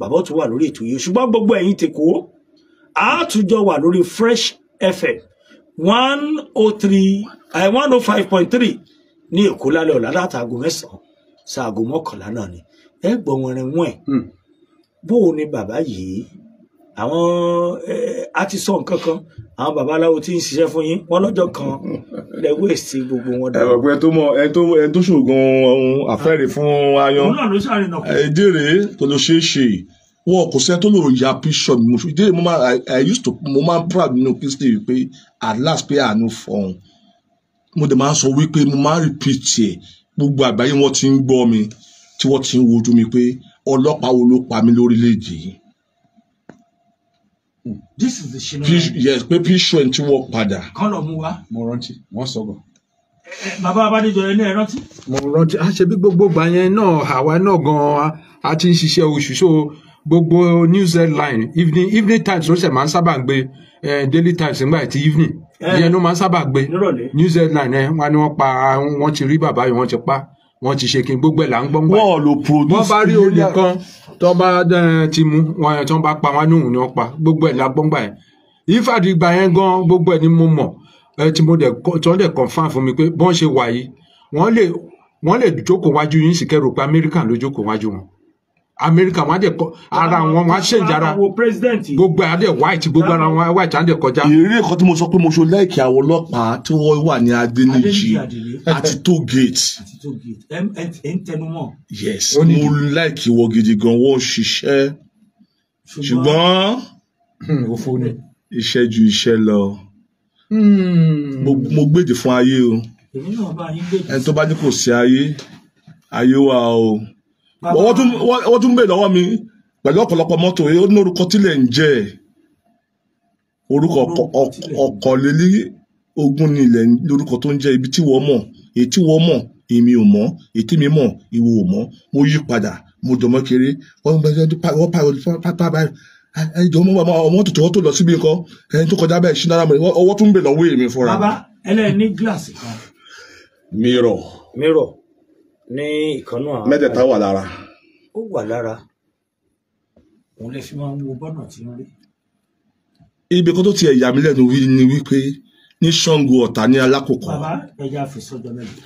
[SPEAKER 2] bàbá tó wà lórí ètò yìí ṣùgbọ́n gbogbo ẹ̀yin ti kó àtúnjọ wà lórí Fresh FM one oh three eh, one oh five point three ní Èkó lálẹ́ ọ̀la látàgò mẹ́sàn-án ṣaago mọ́kànlá náà ni ẹ gbọ́ wọn rẹ̀ wọ́n ẹ̀. Hmm bó o ni bàbá yìí àwọn a ti sọ nǹkan kan àwọn babaláwo tí ń ṣiṣẹ́ fún yín wọn lọ́jọ́ kan
[SPEAKER 1] lẹ wéèsì gbogbo wọn dá. ẹ̀rọ pé ẹ tó mọ ẹ tó ẹ tó ṣoògùn ohun àfẹ́rẹ́ fún ayan ẹ̀ẹ́dẹ̀rẹ̀ tó ló ṣeé ṣe wọn kò sẹ́ni tó lò ya píṣọ̀ mi mo mo máa i used to mo máa proud nínú kristi pé at last pé àánú fọ̀hún mo dẹ̀ máa sọ wípé mo máa repeat ẹ̀ gbogbo àgbáyé wọn ti ń gbọ́ mi tí wọ́n ti ń wojú mi pé ọlọ́pàá wo ló pa mí lórílẹ̀‐èdè yìí. Hmm. this is the Shina
[SPEAKER 3] yes pé píṣọ ẹni tí wọ́n padà. kán lọ mú wa. mo rántí wọ́n sọ̀rọ̀ eh, bàbá abánijọ yẹn náà rántí. mo rántí a ṣe bí gbogbo gbà yẹn náà àwa náà gan-an a ti ń ṣiṣẹ́ oṣù so gbogbo news headline evening evening times ló ṣe máa ń sábà gbé eh, daily times nígbà tí evening eh. ìyẹn ló máa ń sábà gbé news headline ẹ wọn ni wọ́n pa wọ́n ti rí bàbá yìí wọ́n ti pa wọ́n ti ṣe kí n gbogbo ẹ̀ là ń gbọ́ngbà. wọ́n lò produce wọ́n bá rí oyin kan tó bá eh, ti mú wọn eh, tó bá pa wọn níhùn ni wọ́n pa gbogbo ẹ̀ là gbọ́ngbà yẹn ìfàdí ìgbà yẹn gan gbogbo ẹ̀ ni mo mọ̀ ẹ eh, tí mo dẹ̀ tí wọ́n dẹ̀ confam fún mi pé bọ́n ṣe wà yìí wọ́n lè wọ́n lè jókòó wájú yín sì kẹ́rù pé amẹ́ríkà ló jókòó wájú wọn amẹ́ríkà wọn á dẹ̀ kọ ara wọn wọn á ṣèjára gbogbo ara dẹ̀ white gbogbo ara wọn white á
[SPEAKER 1] dẹ̀ kọjá. ìrírí nǹkan tí mo sọ pé mo ṣe láìkí àwọn ọlọ́pàá tí wọ́n wà ní adéníjì àti tó gate. ẹ ń tẹnumọ́. yes mo láìkí wọ gidi gan wọ́n ṣiṣẹ́ ṣùgbọ́n hmm, iṣẹ́ ju iṣẹ́ lọ
[SPEAKER 2] hmm. mo
[SPEAKER 1] gbèdè fún ayé o ẹni tó bá ní kò sí ayé ayé wa o. Hmm wọ́n tún bèèrè lọ́wọ́ mi pẹ̀lú ọ̀pọ̀lọpọ̀ mọ́tò ó ní orúkọ tílẹ̀ ń jẹ́ ẹ̀ orúkọ ọ̀kọ̀lélí ogún ni ilẹ̀ lórúkọ tó ń jẹ́ ibi tí wọ́n mọ̀ èyí tí wọ́n mọ̀ èmi ò mọ̀ èyí tí mi mọ̀ ìwọ ò mọ̀ mo yí padà mo dọ̀mọ́ kéré wọ́n bẹ wọ́n pa pápá báyìí ẹjọ́ mo máa ọmọ tuntun wọ́n tó lọ síbi nǹkan ẹni tó kọjá bẹ́ẹ̀ ṣínà mọ̀ ọwọ́ tún bẹ̀ lọ́wọ́ èmi fúnra. bàbá
[SPEAKER 2] ẹlẹ́ni gíláàsì kan. mirror. mirror ní ìkànnà àwọn. mẹ́tẹ̀ẹ̀ta wà lára. ó wà lára òun lè fi máa ń wo bọ́nà tí ń rí.
[SPEAKER 1] ibi kan tó ti ẹ̀yà mi lẹ́nu wí ni wípé ní Ṣàngó Ọ̀tà ní alákòókò.
[SPEAKER 2] bàbá ẹja fi sọ́jọ́ mẹ́jọ.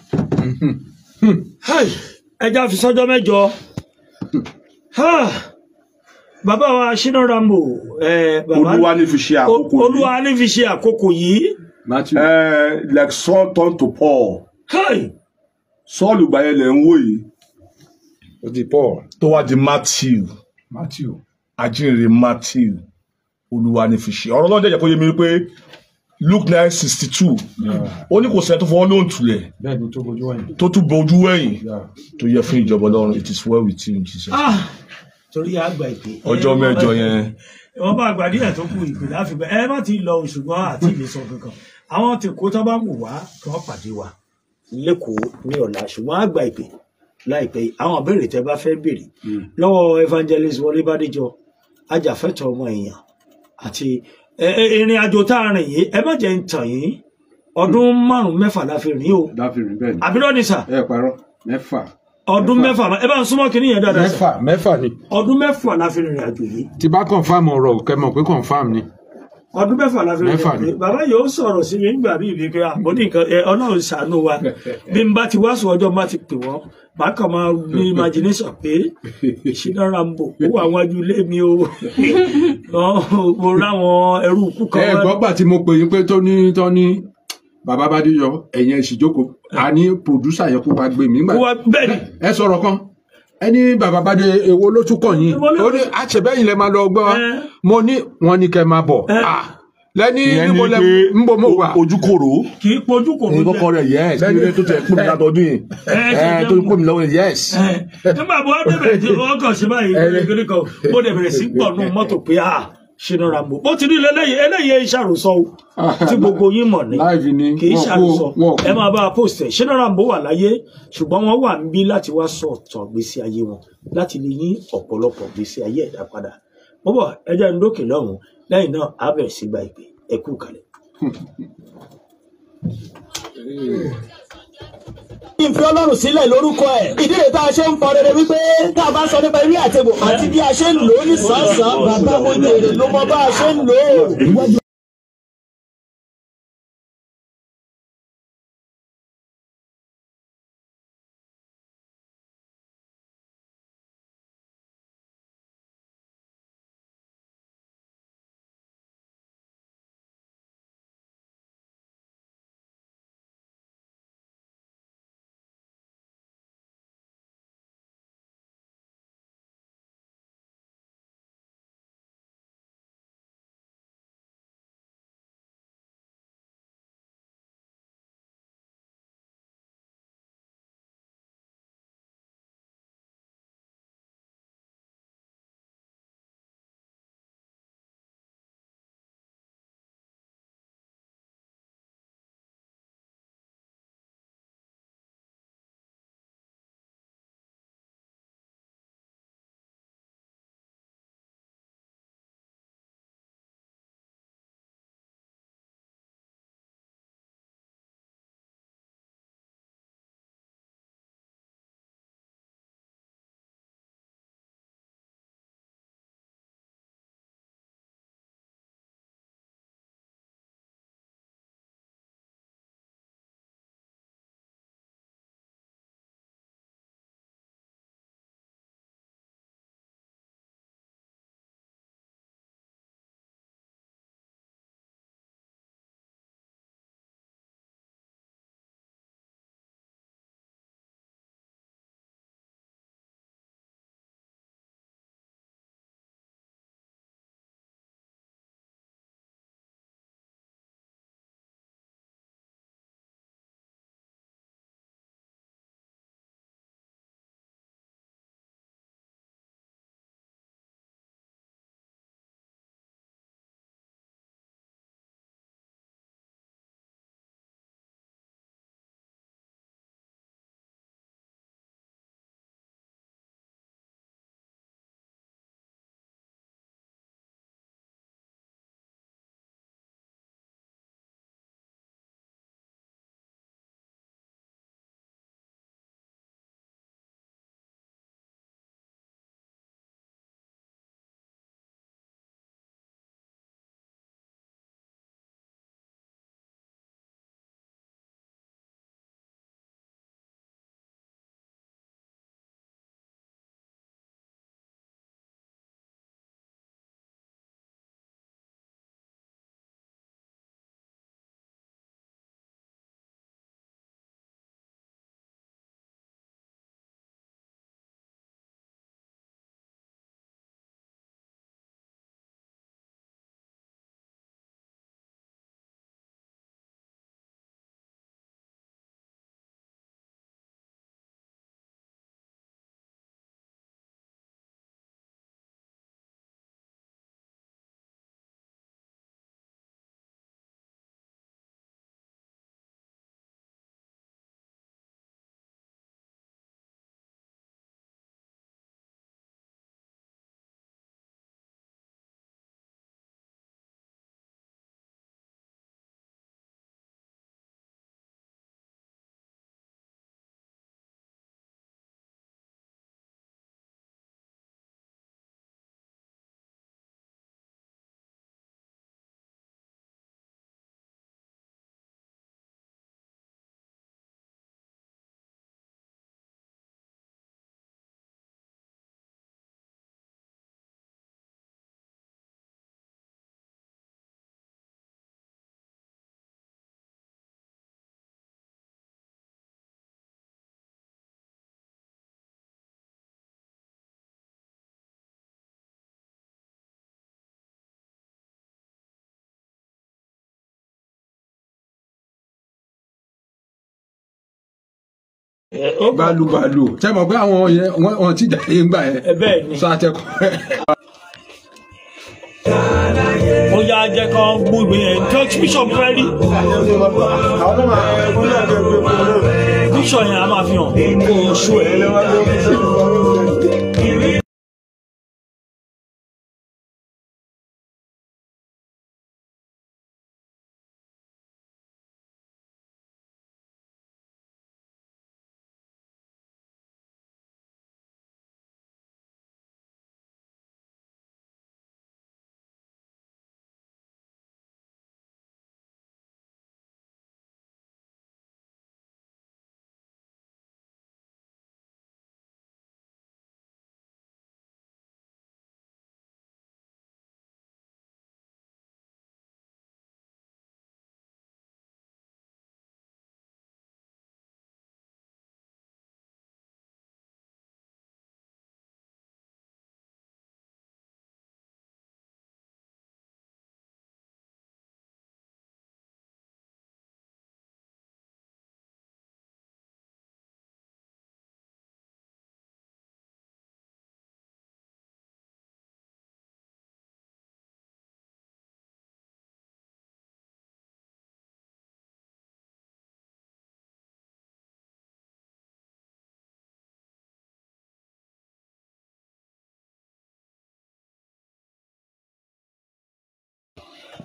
[SPEAKER 1] (laughs)
[SPEAKER 2] ẹja fi sọ́jọ́ mẹ́jọ. bàbá wa Shina Rambo. olúwa ní fi ṣe àkókò yìí. olúwa
[SPEAKER 1] ní fi ṣe àkókò yìí. Eh, like Saul turn to Paul. Hey! Sọ́ọ̀lù gbàyẹn lẹ̀ ń wò yìí. Ó di Paul. Tó wá di Matthew. Matthew. Ajínrere Matthew. Olúwa ni fi ṣe. Ọ̀rọ̀ náà jẹ́jẹ́ kó yé mi pé Luke nine sixty two. Ó ní kò sẹ́ni tó fọwọ́ lóhùn tulẹ̀. Bẹ́ẹ̀ni tó bojú wẹ̀yìn. Tó tún bojú wẹ̀yìn. Tó yẹ fún ìjọba Ọlọ́run. It is well with you, Jesus. Ah!
[SPEAKER 2] Torí àgbà ìpè. Ọjọ́ mẹ́jọ yẹn. Wọ́n bá àgbà díẹ̀ tó kù ìpè láfi bẹ́ẹ̀. Ẹ má ti lọ ṣùgbọ́n àti ìlẹ̀sọ̀ kankan. Àwọn tèkó tó bá wù wá, wọ́n pàdé wa lẹ́kọ̀ọ́ ní ọ̀la ṣùgbọ́n àgbà ìpè láìpẹ́ àwọn ìbéèrè tẹ́ bá fẹ́ béèrè hmm. lọ́wọ́ evangelist Wọlé Bádéjọ ajàfẹ́tọ̀ ọmọ èèyàn àti ìrìn àjò tá a rìn yìí ẹ má jẹ́ ń tàn yín ọdún hmm. márùn mẹ́fà la fi rìn o
[SPEAKER 3] àbílọ́ ni sà ẹ parọ́ mẹ́fà ọdún mẹ́fà ẹ bá ń súnmọ́ kínní yẹn dáadáa sà ni ọdún mẹ́fà la fi rìnrìn àjò yìí. tí bá confam ọ̀rọ̀ kẹ́ pé confam ni ọdún mẹ́fà
[SPEAKER 2] la fi rẹ̀ bàbá yóò sọ̀rọ̀ sí mi nígbà bíi wípé àmọ́ nìkan ọlọ́run ṣàánú wa bí n bá ti wá sùn ọjọ́ n bá ti pè wọ́n màá kàn máa ní imagination pé ìṣúná
[SPEAKER 3] rambo ó wà wájú ilé mi o (laughs) mo ráwọn ẹrú ikú kan. ẹ gbọ́ gbà tí mo pè yín pé tó ní bàbá bá dé yọ ẹ̀yìn ẹ̀sìn jókòó pòdúsà yẹn kó wá gbé mi. ẹ sọ̀rọ̀ kan ẹni bàbá bá dé èwo ló tún kàn yín ó ní àṣẹbẹ́yìn lẹ máa lọ gbọ́n mo ní wọn ní kẹ máa bọ̀ lẹ́ni níbo lẹ ń bọ̀ mọ̀ wá. ojúkòrò kì í pojúkòrò jẹ ìbọkọ rẹ yẹs kí ló tó tẹ kó
[SPEAKER 1] mi láti ọdún yìí ẹ tó kó mi lọ́wọ́ yẹs.
[SPEAKER 2] nígbà bó wá débẹ̀rẹ̀ tí wọ́n kàn sí báyìí (laughs) kiri kan bó débẹ̀rẹ̀ sí pọ̀ nù mọ́tò pé a. Ah, Ṣínà Rambo bó ti rí eléyìí eléyìí ìṣàròsọ o tí gbogbo yín mọ̀ ní kì í ṣàròsọ ẹ máa bá a post ẹ̀ Ṣínà Rambo wà láyé ṣùgbọ́n wọ́n wà níbí láti wá sọ ọ̀tọ̀ gbèsè ayé wọn láti lè yí ọ̀pọ̀lọpọ̀ gbèsè ayé ẹ̀dá padà mo bọ̀ ẹ ń dókè lọ́hùn lẹ́yìn náà á bẹ̀rẹ̀ ìpè ẹ kú (laughs) ìfi ọlọ́run sílẹ̀ lórúkọ ẹ̀. ìdílé tá a ṣe ń fọ rere wípé tá a bá sọ nípa eré àtẹ̀bò àti bí a ṣe ń lò ó ní sàn-án sàn-án bàbá mo jèrè ló mọ bá a ṣe ń lò ó.
[SPEAKER 3] balùbalù tẹ mọ̀ pé àwọn yẹn wọ́n ti dà yín gbà yẹn sọ àtẹkọ. ó yá jẹ́ kó gbogbo yẹn
[SPEAKER 2] touch bishop rẹ́rí. bishop yẹn a máa fi hàn kó o ṣó ẹ.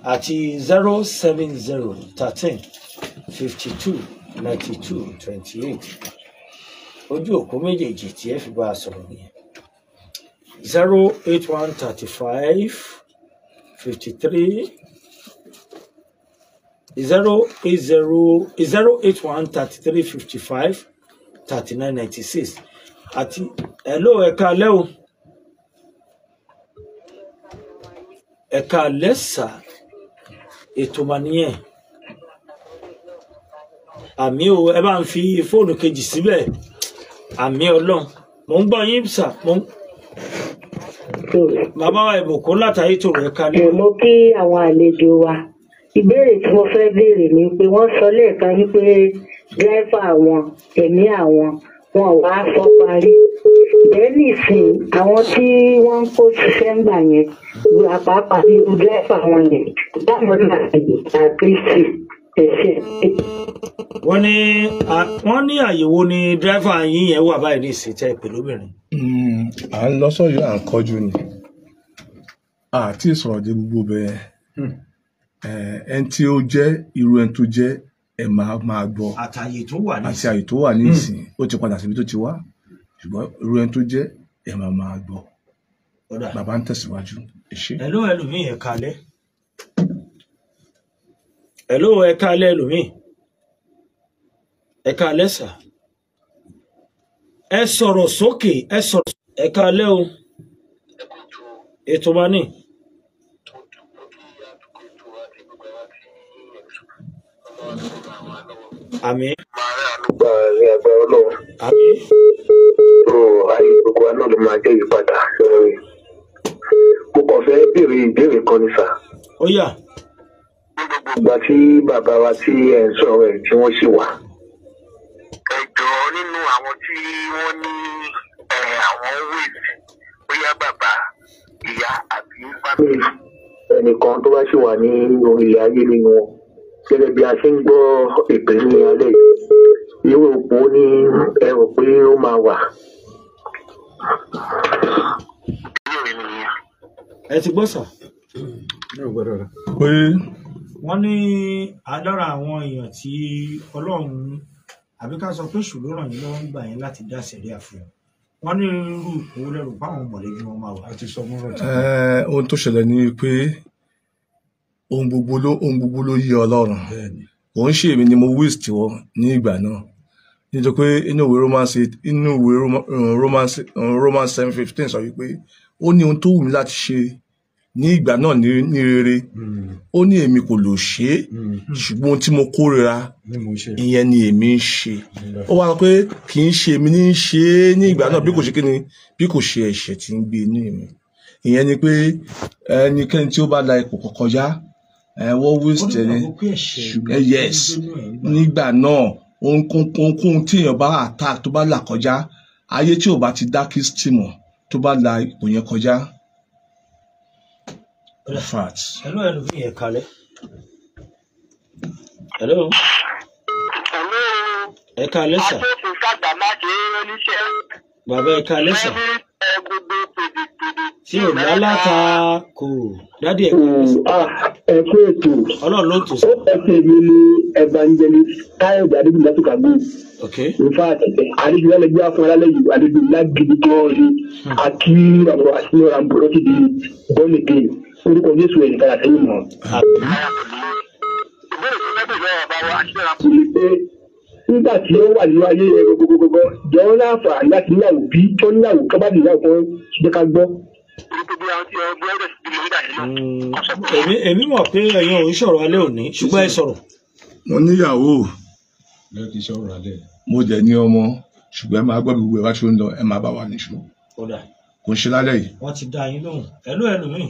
[SPEAKER 2] àti zero seven zero thirteen fifty two ninety two twenty eight ojú òpó méjèèjì tí ẹ fi bá a sọ̀rọ̀ nìyẹn zero eight one thirty five fifty three zero eight zero zero eight one thirty three fifty five thirty nine ninety six àti hello ẹ̀ka alẹ́ o ẹ̀ka alẹ́ sà ètò mà nìyẹn àmì o ẹ bá ń fi fóònù kejì síbẹ̀ àmì ọlọ́run mò ń gbọ́ yín sà mò ń. bàbá wa ìbùkún látàrí tòrò ẹ̀ kalẹ̀. mo mú kí àwọn àlejò wa ìbéèrè tí mo fẹ́ béèrè ni pé wọ́n sọ lẹ́ẹ̀kan wípé dírẹ́fà àwọn ẹ̀mí àwọn wọn ò wá sọ parí ẹ nìsín àwọn tí wọ́n ń kó ṣiṣẹ́ ń gbà yẹn lu àpapà ní irú dẹ́fà wọn yẹn dáwọn náà àgbèsì ẹ̀ṣẹ̀. wọ́n ní wọ́n ní àyẹ̀wò ni dẹ́fà yín yẹn wà báyìí nìsín tẹ́ pẹ̀lú obìnrin.
[SPEAKER 1] Hmm, à ń lọ sọ́yọ́ à ń kọjú ni àti ìsọ̀rọ̀ dé gbogbo bẹ́ẹ̀ hmm. ẹni tí ó jẹ́ irú ẹni tó jẹ́ ẹ̀ máa máa gbọ́ àti àyè tó wà nísìn hmm. ó ti padà síbi tó ti wá ṣùgbọ́n irú ẹni tó jẹ́ ẹ máa máa gbọ́ bàbá ń tẹ̀síwájú
[SPEAKER 2] ẹ ṣe. hello ẹlòmíì ẹ kalẹ́ hello ẹ kalẹ́ ẹlòmíì ẹ kalẹ́ sà ẹ sọ̀rọ̀ sókè ẹ sọ̀rọ̀ ẹ kalẹ́ o ètò máa ní. àmín. màá rí àánú gbà rí agbára
[SPEAKER 1] Ọlọ́run. àmín so ayé gbogbo wa náà ló máa jẹ́ ìpadà sẹ́rí mo kàn fẹ́ béèrè ìbéèrè kan ní sà.
[SPEAKER 2] ó yá. ìgbà tí bàbá wa tí ẹ̀ ń sọ̀rọ̀ ẹ̀ tí wọ́n sì wà. ẹ jọ̀ọ́ nínú àwọn tí wọ́n ní àwọn wéètì bóyá bàbá ìyá àti fámìlì. ẹnìkan tó bá sì wà ní orílẹ̀ ayé nínú wọn gẹ́gẹ́ bí a ṣe ń gbọ́ ìpè ní alẹ́ yìí irú òpó ní
[SPEAKER 3] ẹ rò pé ó máa wà
[SPEAKER 2] ẹ ti gbọ́ sà pé wọ́n ní adára àwọn èèyàn tí ọlọ́run àbí ká sọ pé ṣùgbọ́n ràn yín lọ́wọ́ ń gbà yín láti dá sẹ̀ríà fún un wọ́n ní irú ipò lẹ́rù báwọn mọ̀lẹ́bí wọn máa wà.
[SPEAKER 3] àti sọmọ́rọ̀ tí.
[SPEAKER 1] ohun tó ṣẹlẹ̀ ni pé ohun gbogbo ló ohun gbogbo ló yé ọlọ́run òun ṣèmi ni mo wíìsì tiwọn ní ìgbà náà nítorí pé inú ìwé romans eight inú ìwé romans eh, romans eh, seven fifteen sọ wípé ó ní ohun tó wù mí láti ṣe ní ìgbà náà ní rere hmm. ó ní èmi kò lò ṣe é hmm. Hmm. ṣùgbọ́n ohun tí mo kórira ìyẹn ni èmi ń ṣe ó wá sọ pé kì í ṣe èmi ní í ṣe é ní ìgbà náà bí kò ṣe kíni bí kò ṣe ẹ̀ṣẹ̀ tí ń gbé inú mi ìyẹn ni pé ẹnikẹ́ni tí ó bá la ipò kọ̀ọ̀kan já ẹ wọ́n wíṣ tẹ̀lé yes nígbà náà ohunkóhun tí èèyàn bá attack tó bá là kọjá ayé tí ò bá ti darkest tìmọ̀ tó bá la ipò yẹn kọjá.
[SPEAKER 2] hello hello bí yẹn kalẹ̀. hello. hello. ẹ kalẹ̀ sà. àtúntò sàgbà má ṣe é oníṣẹ́. bàbá ẹ kalẹ̀ sà. gbogbo pèdèpèdè tí ò lálàta kò dádì ẹ. ẹ kú ètò Ọlọ́run ló
[SPEAKER 3] tù sí. ó ẹsẹ mi ní evangelist Táyọ̀ gbàdúgbò látòkà gbòó. nfa àtẹ̀tẹ̀ àdébíyá lẹ́gbẹ́ afọlálẹ́ yìí àdébíyá gidi gan ni àti àwọn àṣìlẹ̀
[SPEAKER 1] ọ̀rọ̀ àbúrò ti di bọ́ọ̀lù dé orúkọ Jésù ẹ̀ nìkan àtẹ̀yìn mọ́. nígbà tí ó wà nínú ayé ẹ̀rọ gbogbogbò jẹ́ ọ́n láǹfààní láti níyàwó bí tó níyàwó kábàdì ìyàwó kan jẹ́ ká gbọ́. Hmm.
[SPEAKER 2] èmi èmi mọ̀ pé ẹ̀yin ò ń sọ̀rọ̀ alẹ́ òní
[SPEAKER 1] ṣùgbọ́n ẹ sọ̀rọ̀. mo níyàwó mo dẹ̀ ní ọmọ ṣùgbọ́n ẹ máa gbọ́ gbogbo ẹ wá ṣó ń lọ ẹ máa bá wa níṣó kò ń ṣe lálẹ́ yìí. wọ́n ti
[SPEAKER 2] dá yín lóhùn ẹ̀lú ẹlòmíì.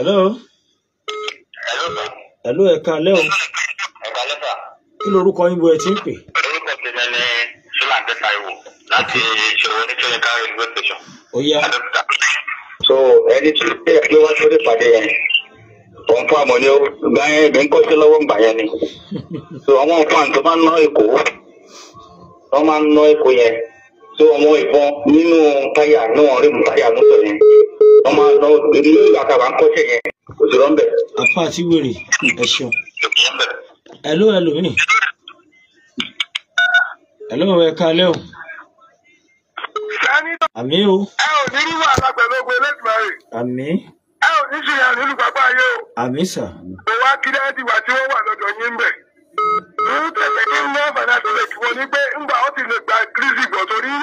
[SPEAKER 2] ẹ̀lọ́. ẹ̀lọ́ ẹ káalẹ́ o. kí lorúkọ yín bo ẹ ti ń pè. orúkọ tèmi ni sọlá ń tẹ láti ṣòwò nítorí kárí ìlú ìpèsè. ó yá. so ẹni tí ó yẹ kí wọ́n sórí ìpàdé yẹn òun fún àmọ́ ni ó gbá yẹn èmi ń kọ́ sí lọ́wọ́ ńgbà yẹn ni so àwọn fan tó máa ń ná èkó wọ́n máa ń ná èkó yẹn so àwọn ìbọn nínú táyà náà rí mu táyà mọ́tò yẹn wọ́n máa ná nínú ìgbàkàbà ń kọ́ṣẹ́ yẹn kò sí rọ́ńbẹ̀. àpá àti wèrè ẹ ṣeun. hello hello mi hello ẹ káalẹ́ Ami o.
[SPEAKER 3] ẹ ò ní rí wàhálà pẹ̀lú ogun elétùmọ̀rì. Ami ẹ ò ní nílùú o.
[SPEAKER 2] àmín sà. ìwà kílẹ̀ ti wà tí wọ́n wà lọ́dọ̀ yín bẹ̀.
[SPEAKER 3] irú tẹ̀lé kí wá fàdà tó lè kíwọ́ ní pé ó ti lè gba gírísì gbọ̀ torí.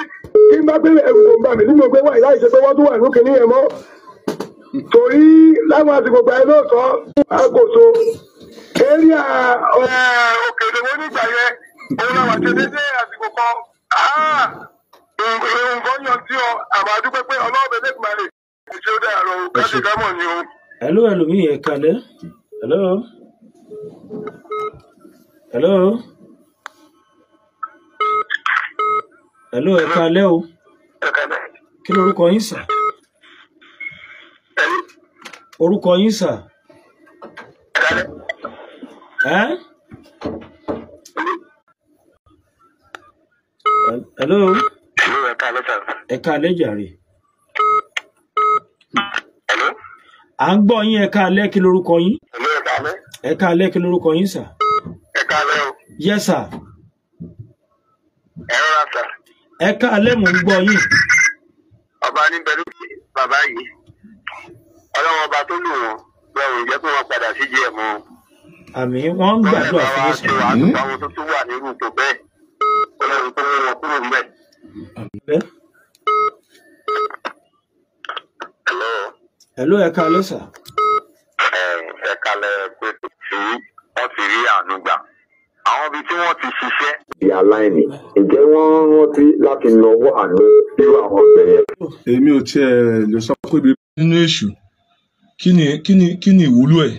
[SPEAKER 3] kí n bá gbélé ẹrù kò gbà mí nínú pé wà láì ṣe pé wọ́n tún wà lókè níyẹn mọ́. torí láwọn àsìkò gbà ẹ
[SPEAKER 2] nǹkan yàn sí ọ àmọ́ àdúgbò pé ọlọ́ọ̀bẹ lẹ́gbẹ̀ẹ́ máa lè ṣe ó dára lọ káṣí kámọ̀ ni o. hello ẹlòmíì ẹ kalẹ̀ hello hello hello ẹ kalẹ̀ o kí lorúkọ yín sà orúkọ yín sà ẹ. Hello ẹ káalẹ́ jàre. à ń gbọ́ yín ẹ káalẹ́ kí lorúkọ yín. ẹ káalẹ́ kí lorúkọ yín sà. ẹ káalẹ́ o. yes sà. ẹ rọra sà. ẹ káalẹ́ mò ń gbọ́ yín.
[SPEAKER 1] ọba ní pẹ̀lú bàbá yìí ọlọ́wọ́n ọba tó lù wọ́n lọ́rùn jẹ́ kí wọ́n padà sí jẹ́ mọ́.
[SPEAKER 2] àmì wọ́n ń gbàdúrà fún yín sà. àwọn tó
[SPEAKER 3] tún wà nírú tó bẹ́ẹ̀ ọlọ́run tó mú wọn kúrò ń bẹ̀.
[SPEAKER 2] hello ẹ ká lọ sà. ẹ kalẹ̀ pé tí wọ́n
[SPEAKER 3] ti rí àánú gbà àwọn ibi tí wọ́n ti ṣiṣẹ́. di aláìní ǹjẹ́ wọ́n rántí láti lọ wọ àánú nírú
[SPEAKER 1] àwọn ọ̀bẹ yẹn. èmi ò tiẹ̀ lè sọ pé ibi nínú èṣù
[SPEAKER 2] kí ni ìwúlò ẹ̀